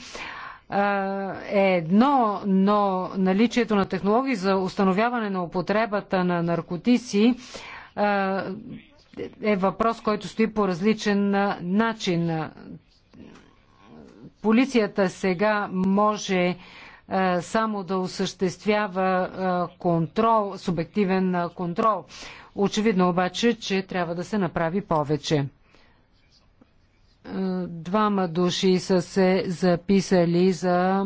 е едно, но наличието на технологии за установяване на употребата на наркотици е въпрос, който стои по различен начин. Полицията сега може е, само да осъществява е, контрол, субективен е, контрол. Очевидно обаче, че трябва да се направи повече. Двама души са се записали за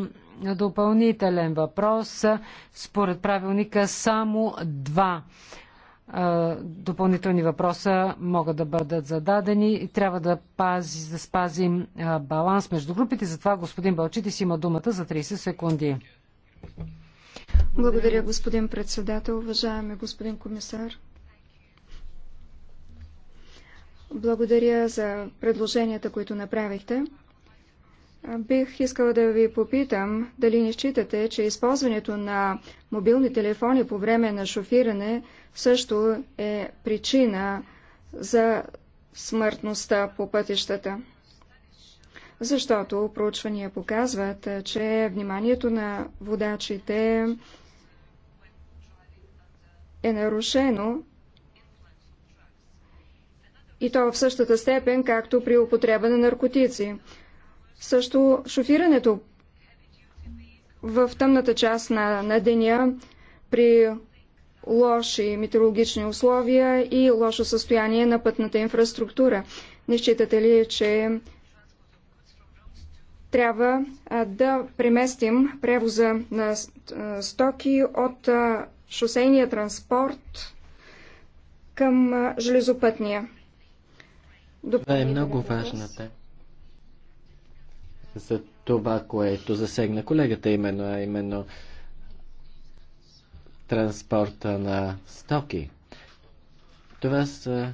допълнителен въпрос. Според правилника само два допълнителни въпроса могат да бъдат зададени и трябва да, пази, да спазим баланс между групите. Затова господин Балчитис има думата за 30 секунди. Благодаря, господин председател, уважаеми господин комисар. Благодаря за предложенията, които направихте. Бих искала да ви попитам дали не считате, че използването на мобилни телефони по време на шофиране също е причина за смъртността по пътищата. Защото проучвания показват, че вниманието на водачите е нарушено и то в същата степен, както при употреба на наркотици. Също шофирането в тъмната част на, на деня при лоши метеорологични условия и лошо състояние на пътната инфраструктура. Не считате ли, че трябва да преместим превоза на стоки от шосейния транспорт към железопътния? Това е много важна За това, което засегна колегата именно, а именно транспорта на стоки. Това са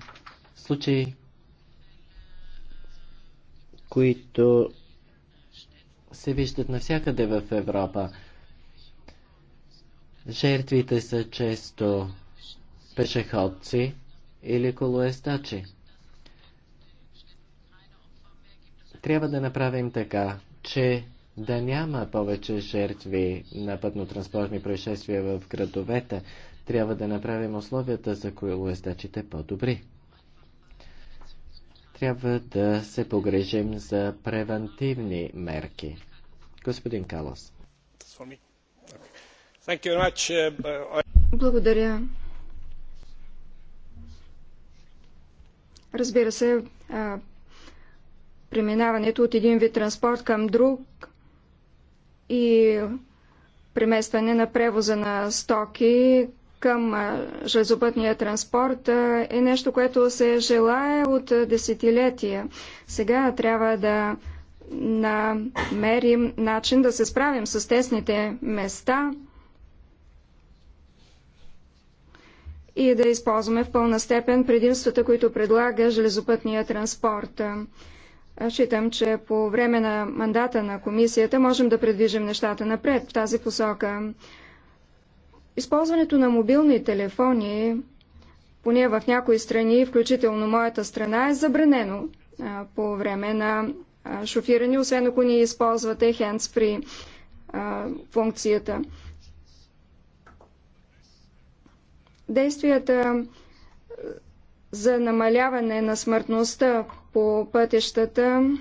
случаи, които се виждат навсякъде в Европа. Жертвите са често пешеходци или колоестачи. Трябва да направим така, че да няма повече жертви на пътно-транспортни происшествия в градовете, трябва да направим условията за колоездачите по-добри. Трябва да се погрежим за превентивни мерки. Господин Калос. Благодаря. Разбира се, преминаването от един вид транспорт към друг и преместване на превоза на стоки към железопътния транспорт е нещо, което се желае от десетилетия. Сега трябва да намерим начин да се справим с тесните места и да използваме в пълна степен предимствата, които предлага железопътния транспорт. Считам, че по време на мандата на комисията можем да предвижим нещата напред в тази посока. Използването на мобилни телефони, поне в някои страни, включително моята страна, е забранено по време на шофиране, освен ако ни използвате hands при функцията. Действията за намаляване на смъртността по пътищата.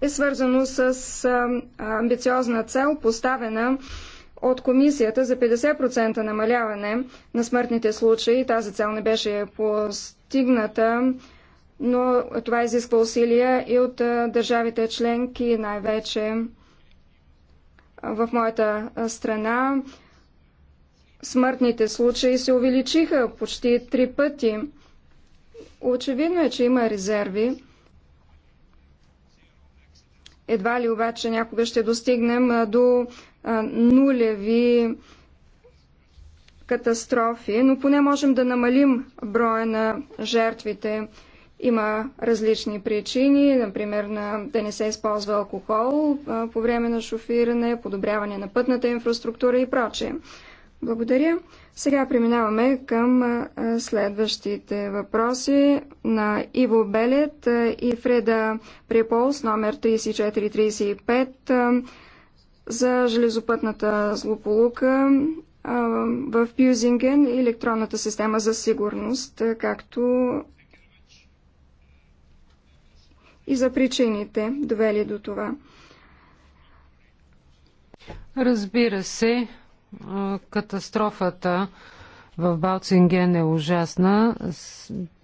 е свързано с амбициозна цел, поставена от комисията за 50% намаляване на смъртните случаи. Тази цел не беше постигната, но това изисква усилия и от държавите членки най-вече в моята страна смъртните случаи се увеличиха почти три пъти. Очевидно е, че има резерви. Едва ли обаче някога ще достигнем до нулеви катастрофи, но поне можем да намалим броя на жертвите. Има различни причини, например на, да не се използва алкохол по време на шофиране, подобряване на пътната инфраструктура и прочее. Благодаря. Сега преминаваме към следващите въпроси на Иво Белет и Фреда Препол с номер 3435 за железопътната злополука в Пюзинген и електронната система за сигурност, както и за причините, довели до това. Разбира се, катастрофата в Балцинген е ужасна.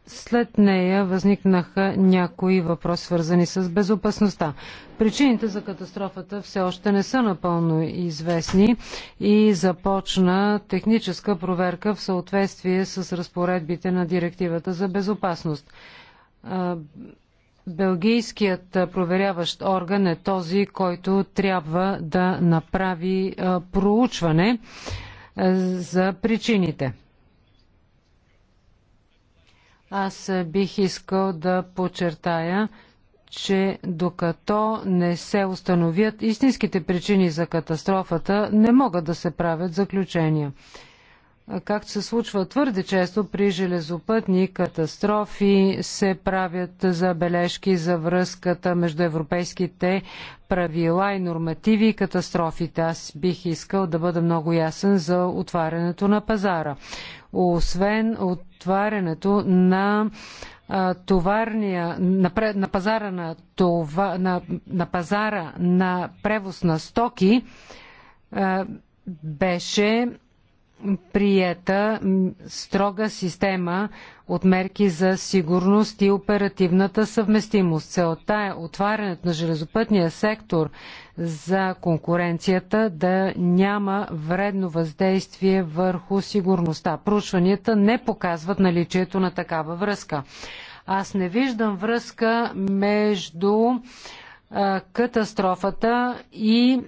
След нея възникнаха някои въпроси, свързани с безопасността. Причините за катастрофата все още не са напълно известни и започна техническа проверка в съответствие с разпоредбите на Директивата за безопасност. Белгийският проверяващ орган е този, който трябва да направи проучване за причините. Аз бих искал да подчертая, че докато не се установят истинските причини за катастрофата, не могат да се правят заключения както се случва твърде често при железопътни катастрофи, се правят забележки за връзката между европейските правила и нормативи и катастрофите. Аз бих искал да бъда много ясен за отварянето на пазара. Освен отварянето на товарния, на, на, пазара на, това, на, на пазара на превоз на стоки, беше прията строга система от мерки за сигурност и оперативната съвместимост. Целта е отварянето на железопътния сектор за конкуренцията да няма вредно въздействие върху сигурността. Проучванията не показват наличието на такава връзка. Аз не виждам връзка между катастрофата и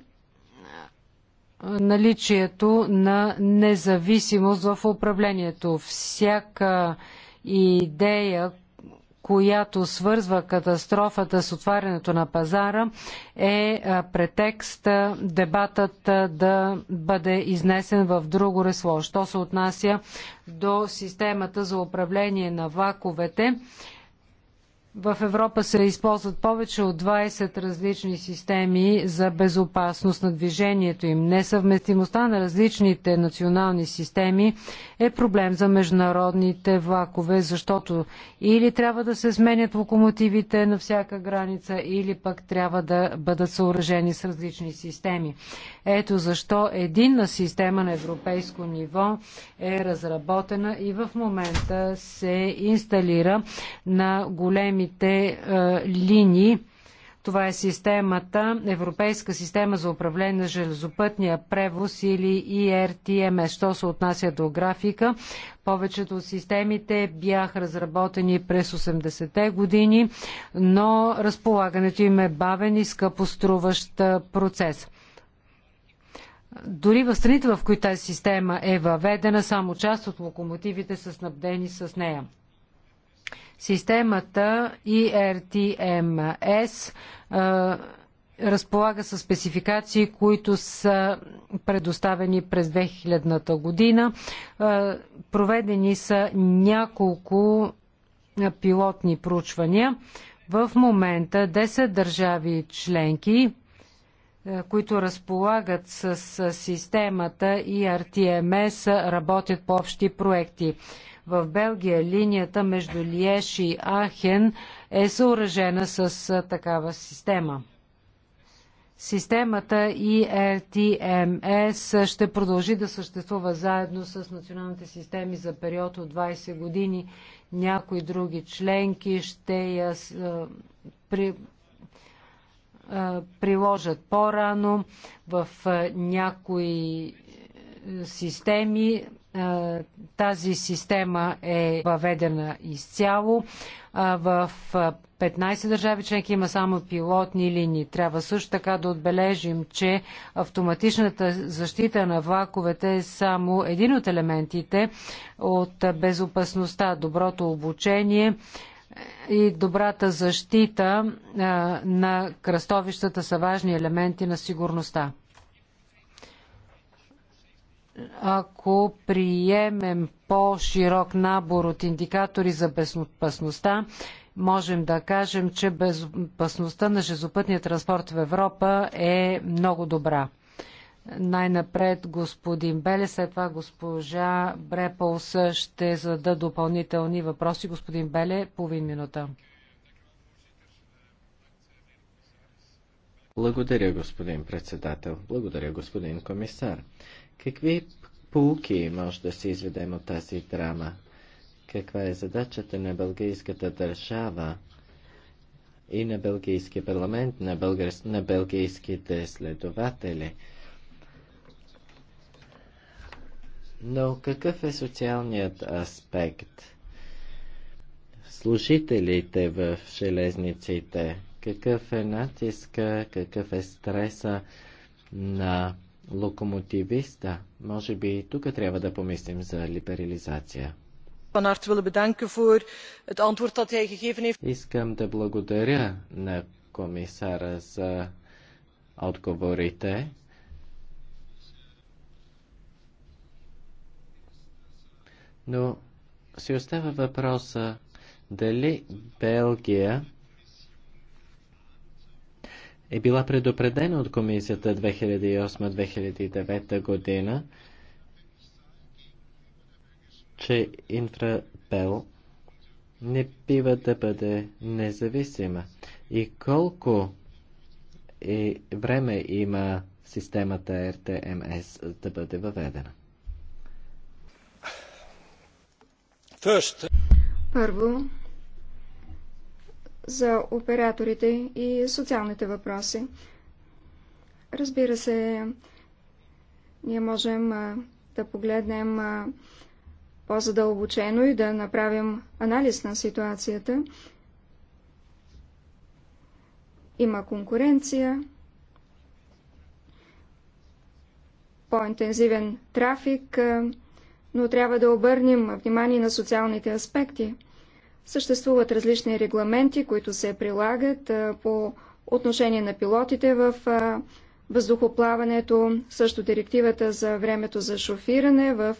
наличието на независимост в управлението. Всяка идея, която свързва катастрофата с отварянето на пазара, е претекст дебатът да бъде изнесен в друго ресло. Що се отнася до системата за управление на влаковете, в Европа се използват повече от 20 различни системи за безопасност на движението им. Несъвместимостта на различните национални системи е проблем за международните влакове, защото или трябва да се сменят локомотивите на всяка граница, или пък трябва да бъдат съоръжени с различни системи. Ето защо единна система на европейско ниво е разработена и в момента се инсталира на големи основните линии. Това е системата, Европейска система за управление на железопътния превоз или ERTMS. Що се отнася до графика, повечето от системите бяха разработени през 80-те години, но разполагането им е бавен и скъпоструващ процес. Дори в страните, в които тази система е въведена, само част от локомотивите са снабдени с нея. Системата ERTMS разполага с спецификации, които са предоставени през 2000-та година. Проведени са няколко пилотни проучвания. В момента 10 държави членки, които разполагат с системата и RTMS, работят по общи проекти. В Белгия линията между Лиеш и Ахен е съоръжена с такава система. Системата ERTMS е ще продължи да съществува заедно с националните системи за период от 20 години. Някои други членки ще я при, приложат по-рано в някои е, системи е, тази система е въведена изцяло. Е, в 15 е, държави членки има само пилотни линии. Трябва също така да отбележим, че автоматичната защита на влаковете е само един от елементите от безопасността, доброто обучение и добрата защита на кръстовищата са важни елементи на сигурността ако приемем по-широк набор от индикатори за безопасността, можем да кажем, че безопасността на железопътния транспорт в Европа е много добра. Най-напред господин Беле, след това госпожа Бреполс ще зада допълнителни въпроси. Господин Беле, половин минута. Благодаря, господин председател. Благодаря, господин комисар. Какви полуки може да се изведем от тази драма? Каква е задачата на бългийската държава и на бългийския парламент, на, българ... на бългийските следователи? Но какъв е социалният аспект? Служителите в железниците, какъв е натиска, какъв е стреса на локомотивиста. Може би и тук трябва да помислим за либерализация. Искам да благодаря на комисара за отговорите. Но си остава въпроса дали Белгия е била предупредена от комисията 2008-2009 година, че инфрапел не бива да бъде независима. И колко и време има системата РТМС да бъде въведена? Първо, за операторите и социалните въпроси. Разбира се, ние можем да погледнем по-задълбочено и да направим анализ на ситуацията. Има конкуренция, по-интензивен трафик, но трябва да обърнем внимание на социалните аспекти – Съществуват различни регламенти, които се прилагат по отношение на пилотите в въздухоплаването, също директивата за времето за шофиране в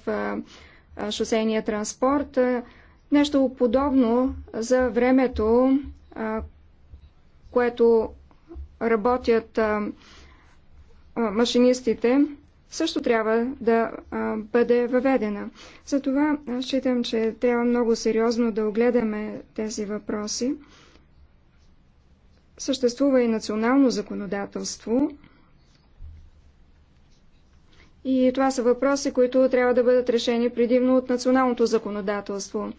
шосейния транспорт, нещо подобно за времето, което работят машинистите също трябва да бъде въведена. Затова считам, че трябва много сериозно да огледаме тези въпроси. Съществува и национално законодателство. И това са въпроси, които трябва да бъдат решени предимно от националното законодателство.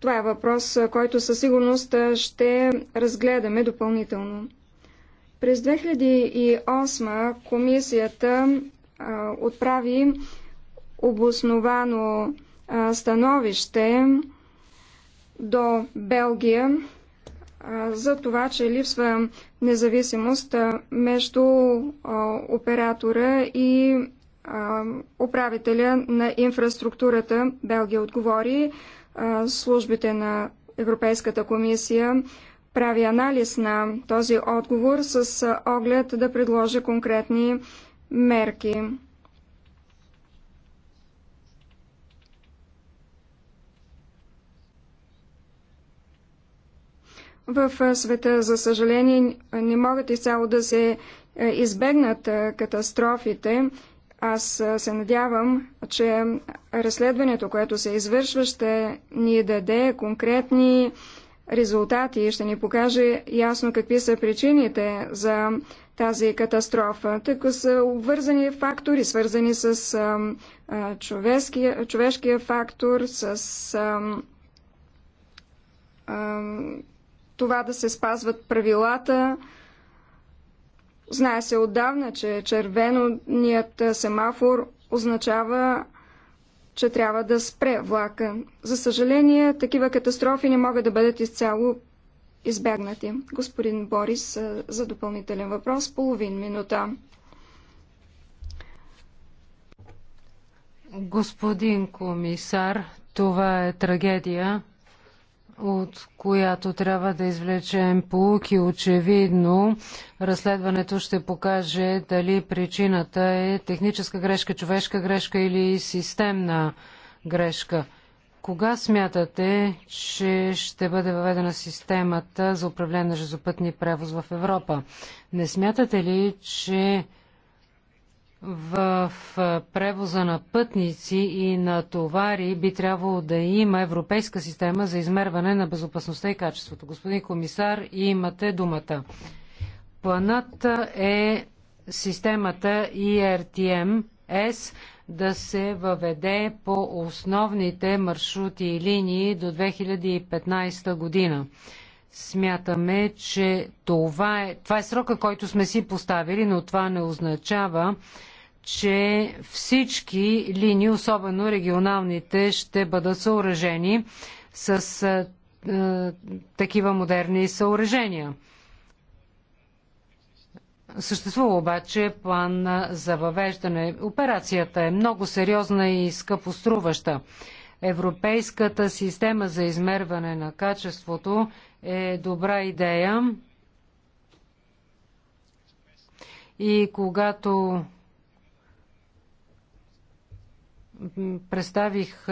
Това е въпрос, който със сигурност ще разгледаме допълнително. През 2008 комисията а, отправи обосновано а, становище до Белгия а, за това, че липсва независимост а, между а, оператора и а, управителя на инфраструктурата. Белгия отговори а, службите на Европейската комисия прави анализ на този отговор с оглед да предложи конкретни мерки. в света, за съжаление, не могат изцяло да се избегнат катастрофите. Аз се надявам, че разследването, което се извършва, ще ни даде конкретни резултати ще ни покаже ясно какви са причините за тази катастрофа, тъй като са обвързани фактори, свързани с а, а, човешкия, човешкия фактор, с а, а, това да се спазват правилата. Знае се отдавна, че червеният семафор означава че трябва да спре влака. За съжаление, такива катастрофи не могат да бъдат изцяло избегнати. Господин Борис, за допълнителен въпрос, половин минута. Господин комисар, това е трагедия, от която трябва да извлечем полуки. Очевидно, разследването ще покаже дали причината е техническа грешка, човешка грешка или системна грешка. Кога смятате, че ще бъде въведена системата за управление на железопътни превоз в Европа? Не смятате ли, че в превоза на пътници и на товари би трябвало да има европейска система за измерване на безопасността и качеството. Господин комисар, имате думата. Планът е системата ERTMS да се въведе по основните маршрути и линии до 2015 година. Смятаме, че това е, това е срока, който сме си поставили, но това не означава, че всички линии, особено регионалните, ще бъдат съоръжени с е, е, такива модерни съоръжения. Съществува обаче план за въвеждане. Операцията е много сериозна и скъпоструваща. Европейската система за измерване на качеството е добра идея. И когато представих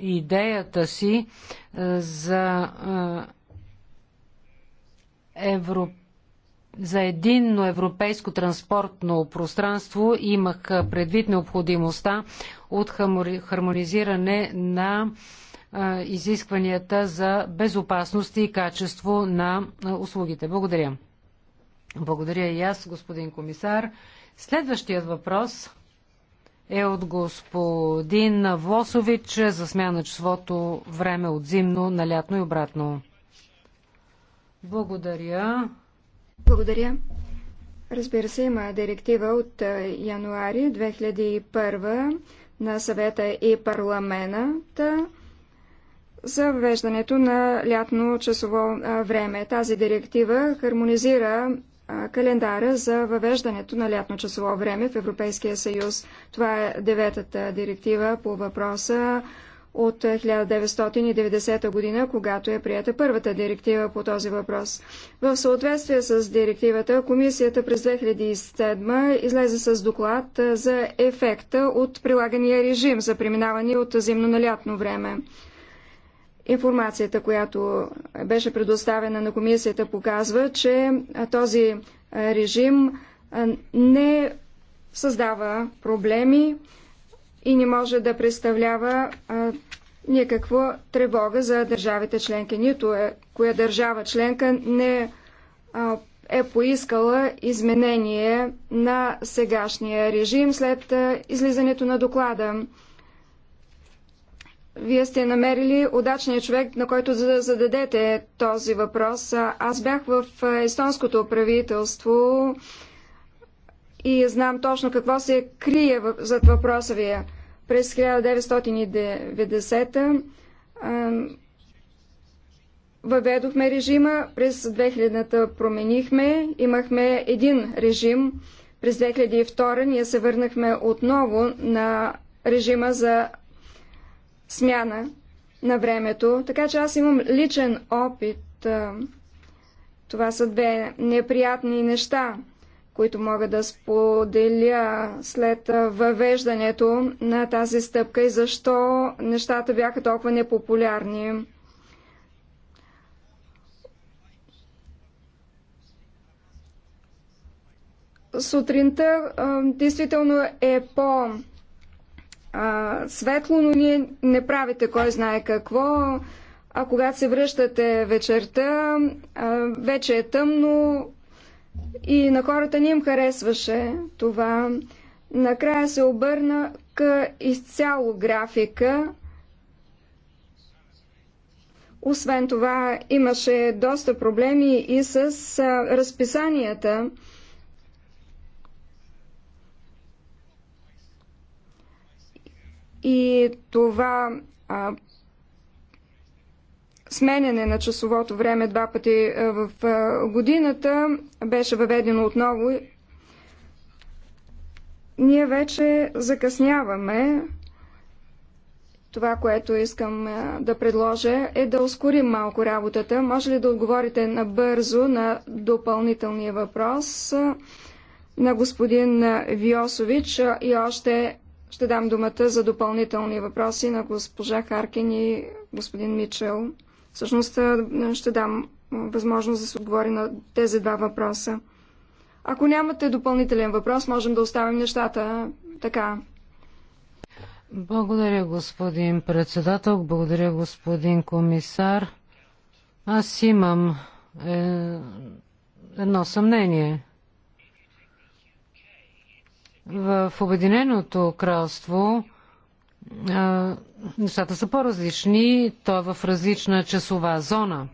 идеята си за Европа за единно европейско транспортно пространство имах предвид необходимостта от хармонизиране на изискванията за безопасност и качество на услугите. Благодаря. Благодаря и аз, господин комисар. Следващият въпрос е от господин Влосович за смяна на числото време от зимно на лятно и обратно. Благодаря. Благодаря. Разбира се, има директива от януари 2001 на съвета и парламента за въвеждането на лятно часово време. Тази директива хармонизира календара за въвеждането на лятно часово време в Европейския съюз. Това е деветата директива по въпроса от 1990 година, когато е прията първата директива по този въпрос. В съответствие с директивата, комисията през 2007 излезе с доклад за ефекта от прилагания режим за преминаване от зимно на лятно време. Информацията, която беше предоставена на комисията, показва, че този режим не създава проблеми и не може да представлява никаква тревога за държавите членки. Нито е, коя държава членка не е поискала изменение на сегашния режим след излизането на доклада. Вие сте намерили удачния човек, на който за да зададете този въпрос. Аз бях в естонското правителство и знам точно какво се крие зад въпроса ви. През 1990 въведохме режима, през 2000-та променихме, имахме един режим. През 2002 ние се върнахме отново на режима за смяна на времето. Така че аз имам личен опит. Това са две неприятни неща, които мога да споделя след въвеждането на тази стъпка и защо нещата бяха толкова непопулярни. сутринта действително е по а, светло, но ние не правите кой знае какво. А когато се връщате вечерта, а, вече е тъмно и на хората не им харесваше това. Накрая се обърна к изцяло графика. Освен това, имаше доста проблеми и с а, разписанията. и това а, сменяне на часовото време два пъти в годината беше въведено отново. Ние вече закъсняваме. Това, което искам да предложа е да ускорим малко работата. Може ли да отговорите набързо на допълнителния въпрос на господин Виосович и още ще дам думата за допълнителни въпроси на госпожа Харкин и господин Мичел. Всъщност ще дам възможност да се отговори на тези два въпроса. Ако нямате допълнителен въпрос, можем да оставим нещата така. Благодаря, господин председател. Благодаря, господин комисар. Аз имам е, едно съмнение. В Обединеното кралство нещата са по-различни. Той е в различна часова зона.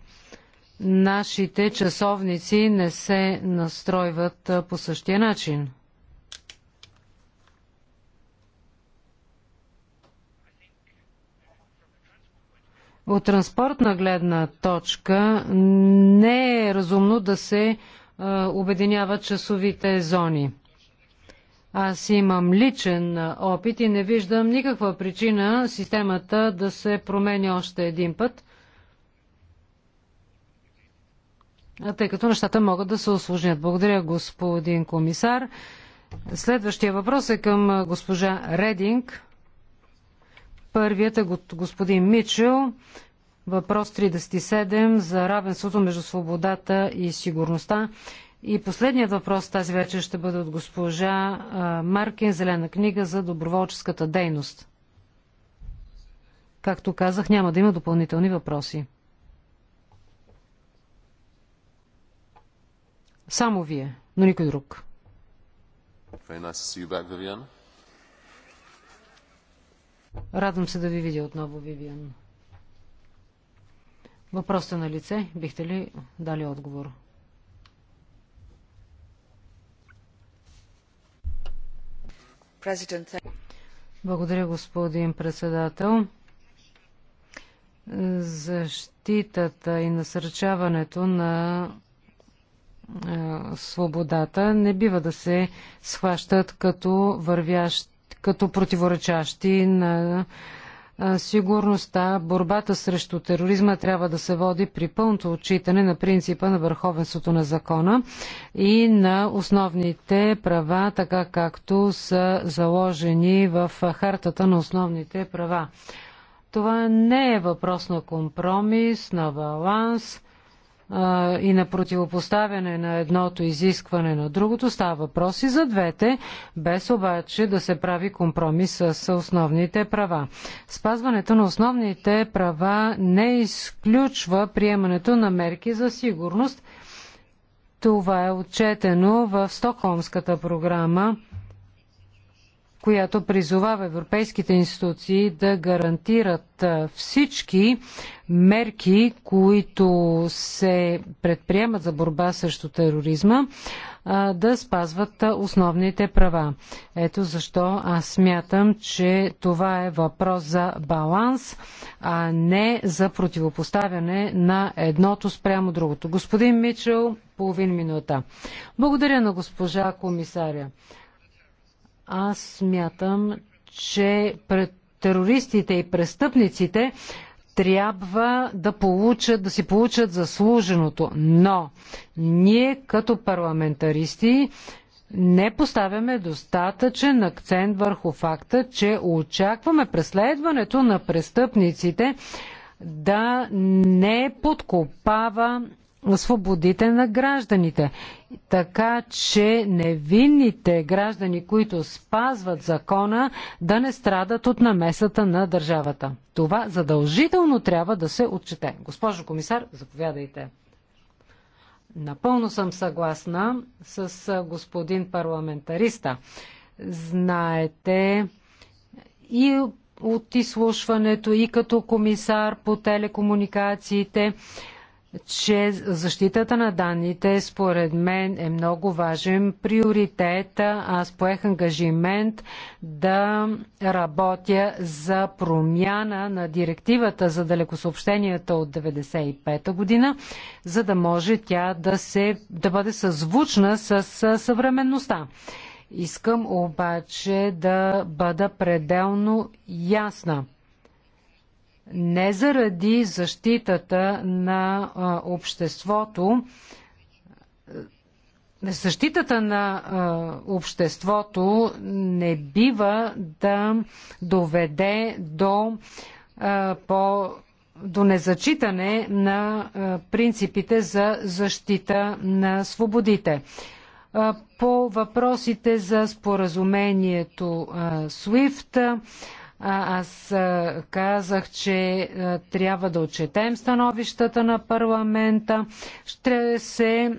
Нашите часовници не се настройват по същия начин. От транспортна гледна точка не е разумно да се обединяват часовите зони. Аз имам личен опит и не виждам никаква причина системата да се промени още един път, тъй като нещата могат да се осложнят. Благодаря, господин комисар. Следващия въпрос е към госпожа Рединг. Първият е господин Мичел. Въпрос 37 за равенството между свободата и сигурността и последният въпрос тази вечер ще бъде от госпожа Маркин, Зелена книга за доброволческата дейност. Както казах, няма да има допълнителни въпроси. Само вие, но никой друг. Радвам се да ви видя отново, Вивиан. Въпросът на лице. Бихте ли дали отговор? Благодаря, господин председател. Защитата и насърчаването на свободата не бива да се схващат като вървящ, като противоречащи на сигурността, борбата срещу тероризма трябва да се води при пълното отчитане на принципа на върховенството на закона и на основните права, така както са заложени в хартата на основните права. Това не е въпрос на компромис, на баланс и на противопоставяне на едното изискване на другото. Става въпрос и за двете, без обаче да се прави компромис с основните права. Спазването на основните права не изключва приемането на мерки за сигурност. Това е отчетено в Стокхолмската програма която призовава европейските институции да гарантират всички мерки, които се предприемат за борба срещу тероризма, да спазват основните права. Ето защо аз смятам, че това е въпрос за баланс, а не за противопоставяне на едното спрямо другото. Господин Мичел, половин минута. Благодаря на госпожа комисаря. Аз смятам, че пред терористите и престъпниците трябва да получат, да си получат заслуженото. Но ние като парламентаристи не поставяме достатъчен акцент върху факта, че очакваме преследването на престъпниците да не подкопава свободите на гражданите. Така че невинните граждани, които спазват закона, да не страдат от намесата на държавата. Това задължително трябва да се отчете. Госпожо комисар, заповядайте. Напълно съм съгласна с господин парламентариста. Знаете и от изслушването, и като комисар по телекомуникациите, че защитата на данните според мен е много важен приоритет. Аз поех ангажимент да работя за промяна на директивата за далекосъобщенията от 1995 година, за да може тя да, се, да бъде съзвучна с съвременността. Искам обаче да бъда пределно ясна – не заради защитата на обществото, Защитата на а, обществото не бива да доведе до, а, по, до незачитане на а, принципите за защита на свободите. А, по въпросите за споразумението SWIFT. А, а, аз казах, че трябва да отчетем становищата на парламента. Ще се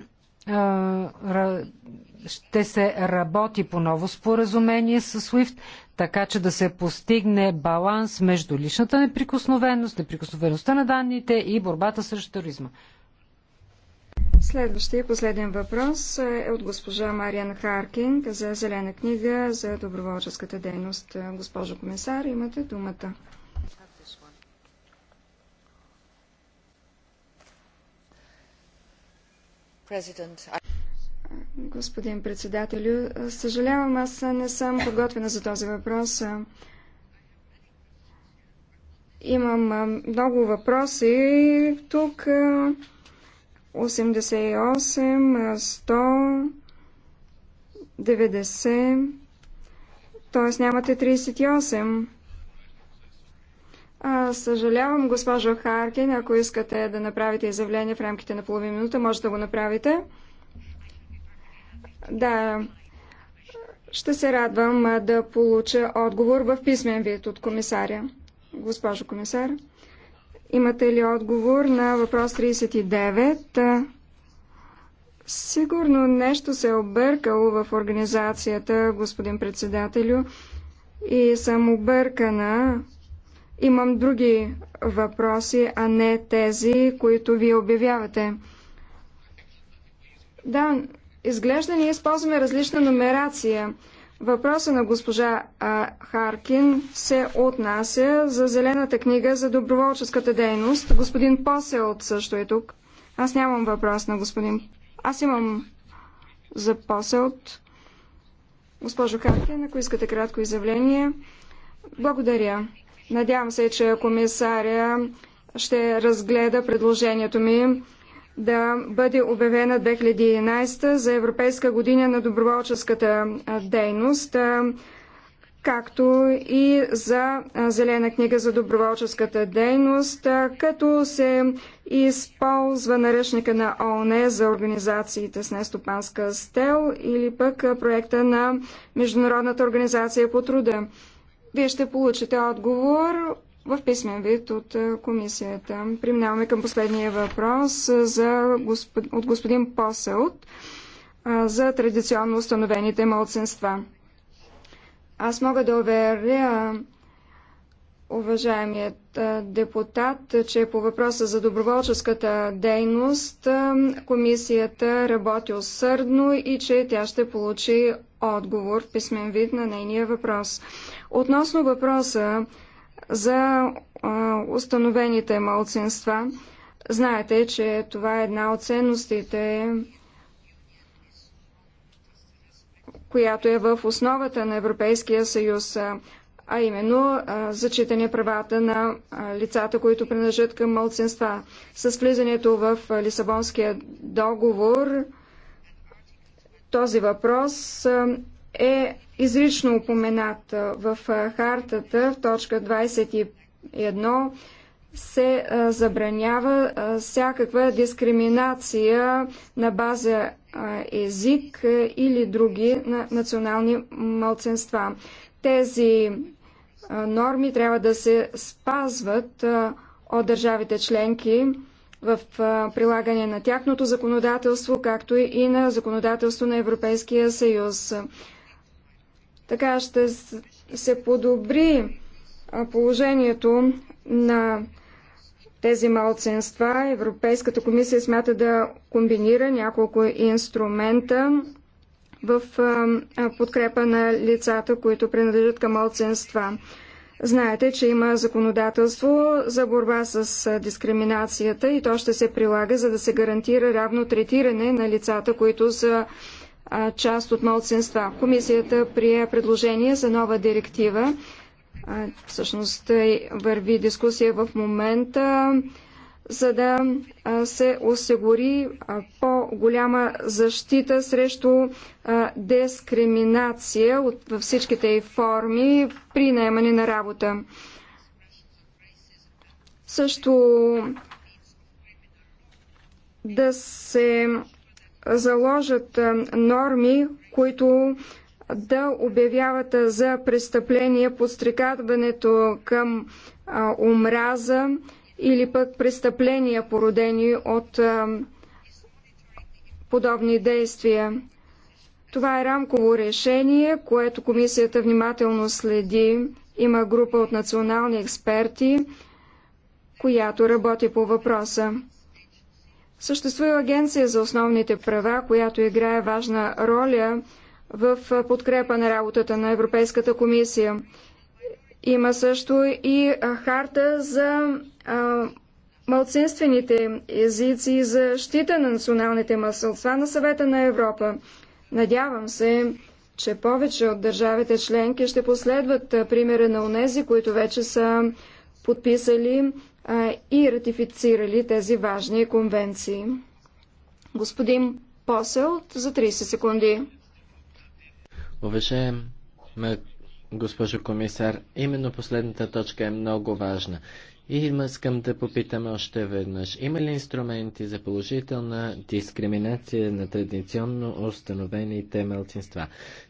ще се работи по ново споразумение с SWIFT, така че да се постигне баланс между личната неприкосновеност, неприкосновеността на данните и борбата срещу туризма. Следващия и последен въпрос е от госпожа Мариан Харкинг за Зелена книга за доброволческата дейност. Госпожо комисар, имате думата. Господин председателю, съжалявам, аз не съм подготвена за този въпрос. Имам много въпроси тук 88, 100, 90, т.е. нямате 38. А, съжалявам, госпожо Харкин, ако искате да направите изявление в рамките на половин минута, може да го направите. Да, ще се радвам да получа отговор в писмен вид от комисаря. Госпожо комисар. Имате ли отговор на въпрос 39? Сигурно нещо се е объркало в организацията, господин председателю, и съм объркана. Имам други въпроси, а не тези, които вие обявявате. Да, изглежда ние използваме различна номерация. Въпроса на госпожа Харкин се отнася за Зелената книга за доброволческата дейност. Господин Поселт също е тук. Аз нямам въпрос на господин... Аз имам за Поселт. Госпожо Харкин, ако искате кратко изявление. Благодаря. Надявам се, че комисаря ще разгледа предложението ми да бъде обявена 2011 за Европейска година на доброволческата дейност, както и за Зелена книга за доброволческата дейност, като се използва наръчника на ООН за организациите с нестопанска стел или пък проекта на Международната организация по труда. Вие ще получите отговор в писмен вид от комисията. Преминаваме към последния въпрос за господ... от господин Посълт за традиционно установените младсенства. Аз мога да уверя уважаемият депутат, че по въпроса за доброволческата дейност комисията работи усърдно и че тя ще получи отговор в писмен вид на нейния въпрос. Относно въпроса за установените малцинства. Знаете, че това е една от ценностите, която е в основата на Европейския съюз, а именно зачитане правата на лицата, които принадлежат към малцинства. С влизането в Лисабонския договор този въпрос е изрично упоменат в хартата в точка 21 се забранява всякаква дискриминация на база език или други национални мълценства. Тези норми трябва да се спазват от държавите членки в прилагане на тяхното законодателство, както и на законодателство на Европейския съюз. Така ще се подобри положението на тези малцинства. Европейската комисия смята да комбинира няколко инструмента в подкрепа на лицата, които принадлежат към малцинства. Знаете, че има законодателство за борба с дискриминацията и то ще се прилага, за да се гарантира равно третиране на лицата, които са част от малцинства. Комисията прие предложение за нова директива. Всъщност е, върви дискусия в момента, за да се осигури по-голяма защита срещу дискриминация във всичките й форми при наемане на работа. Също да се заложат е, норми, които да обявяват е, за престъпление подстрекатването към е, омраза или пък престъпления, породени от подобни действия. Това е рамково решение, което комисията внимателно следи. Има група от национални експерти, която работи по въпроса. Съществува Агенция за основните права, която играе важна роля в подкрепа на работата на Европейската комисия. Има също и харта за а, езици и защита на националните мъсълства на съвета на Европа. Надявам се, че повече от държавите членки ще последват примера на унези, които вече са подписали и ратифицирали тези важни конвенции. Господин Посел, за 30 секунди. Уважаем госпожо комисар, именно последната точка е много важна. И искам да попитам още веднъж. Има ли инструменти за положителна дискриминация на традиционно установените мълцинства?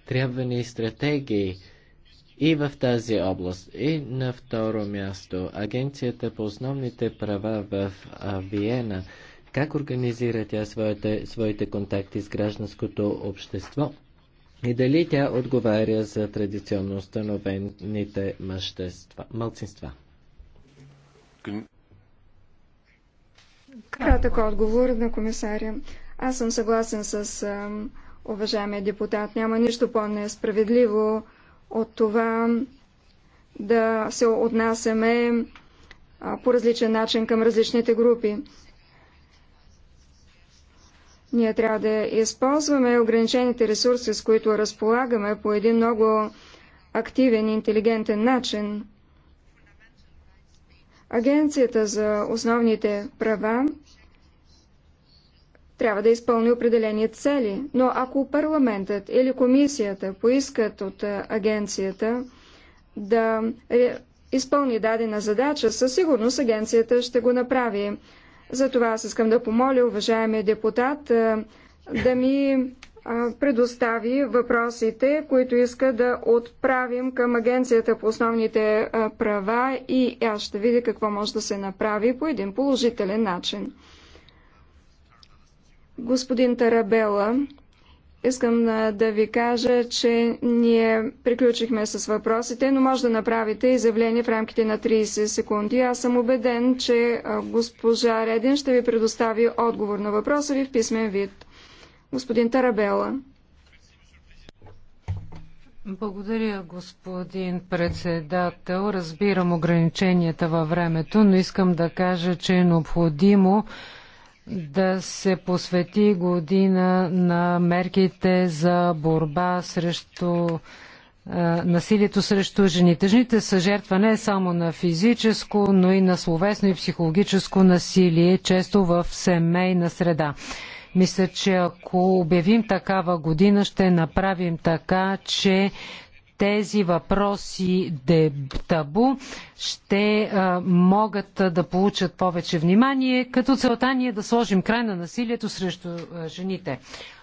Трябва ни стратегии и в тази област. И на второ място, Агенцията по основните права в Виена. Как организира тя своите, своите контакти с гражданското общество? И дали тя отговаря за традиционно установените мълцинства? Кратък отговор на комисаря. Аз съм съгласен с уважаемия депутат. Няма нищо по-несправедливо от това да се отнасяме по различен начин към различните групи. Ние трябва да използваме ограничените ресурси, с които разполагаме по един много активен и интелигентен начин. Агенцията за основните права трябва да изпълни определени цели, но ако парламентът или комисията поискат от агенцията да е, изпълни дадена задача, със сигурност агенцията ще го направи. Затова аз искам да помоля уважаемия депутат да ми предостави въпросите, които иска да отправим към Агенцията по основните права и аз ще видя какво може да се направи по един положителен начин. Господин Тарабела, искам да ви кажа, че ние приключихме с въпросите, но може да направите изявление в рамките на 30 секунди. Аз съм убеден, че госпожа Редин ще ви предостави отговор на въпроса ви в писмен вид. Господин Тарабела. Благодаря, господин председател. Разбирам ограниченията във времето, но искам да кажа, че е необходимо да се посвети година на мерките за борба срещу насилието срещу жените. Жените са жертва не само на физическо, но и на словесно и психологическо насилие, често в семейна среда. Мисля, че ако обявим такава година, ще направим така, че тези въпроси табу ще а, могат да получат повече внимание, като целта ни е да сложим край на насилието срещу а, жените.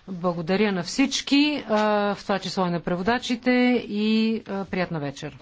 Благодаря на всички, а, в това число и на преводачите и приятна вечер.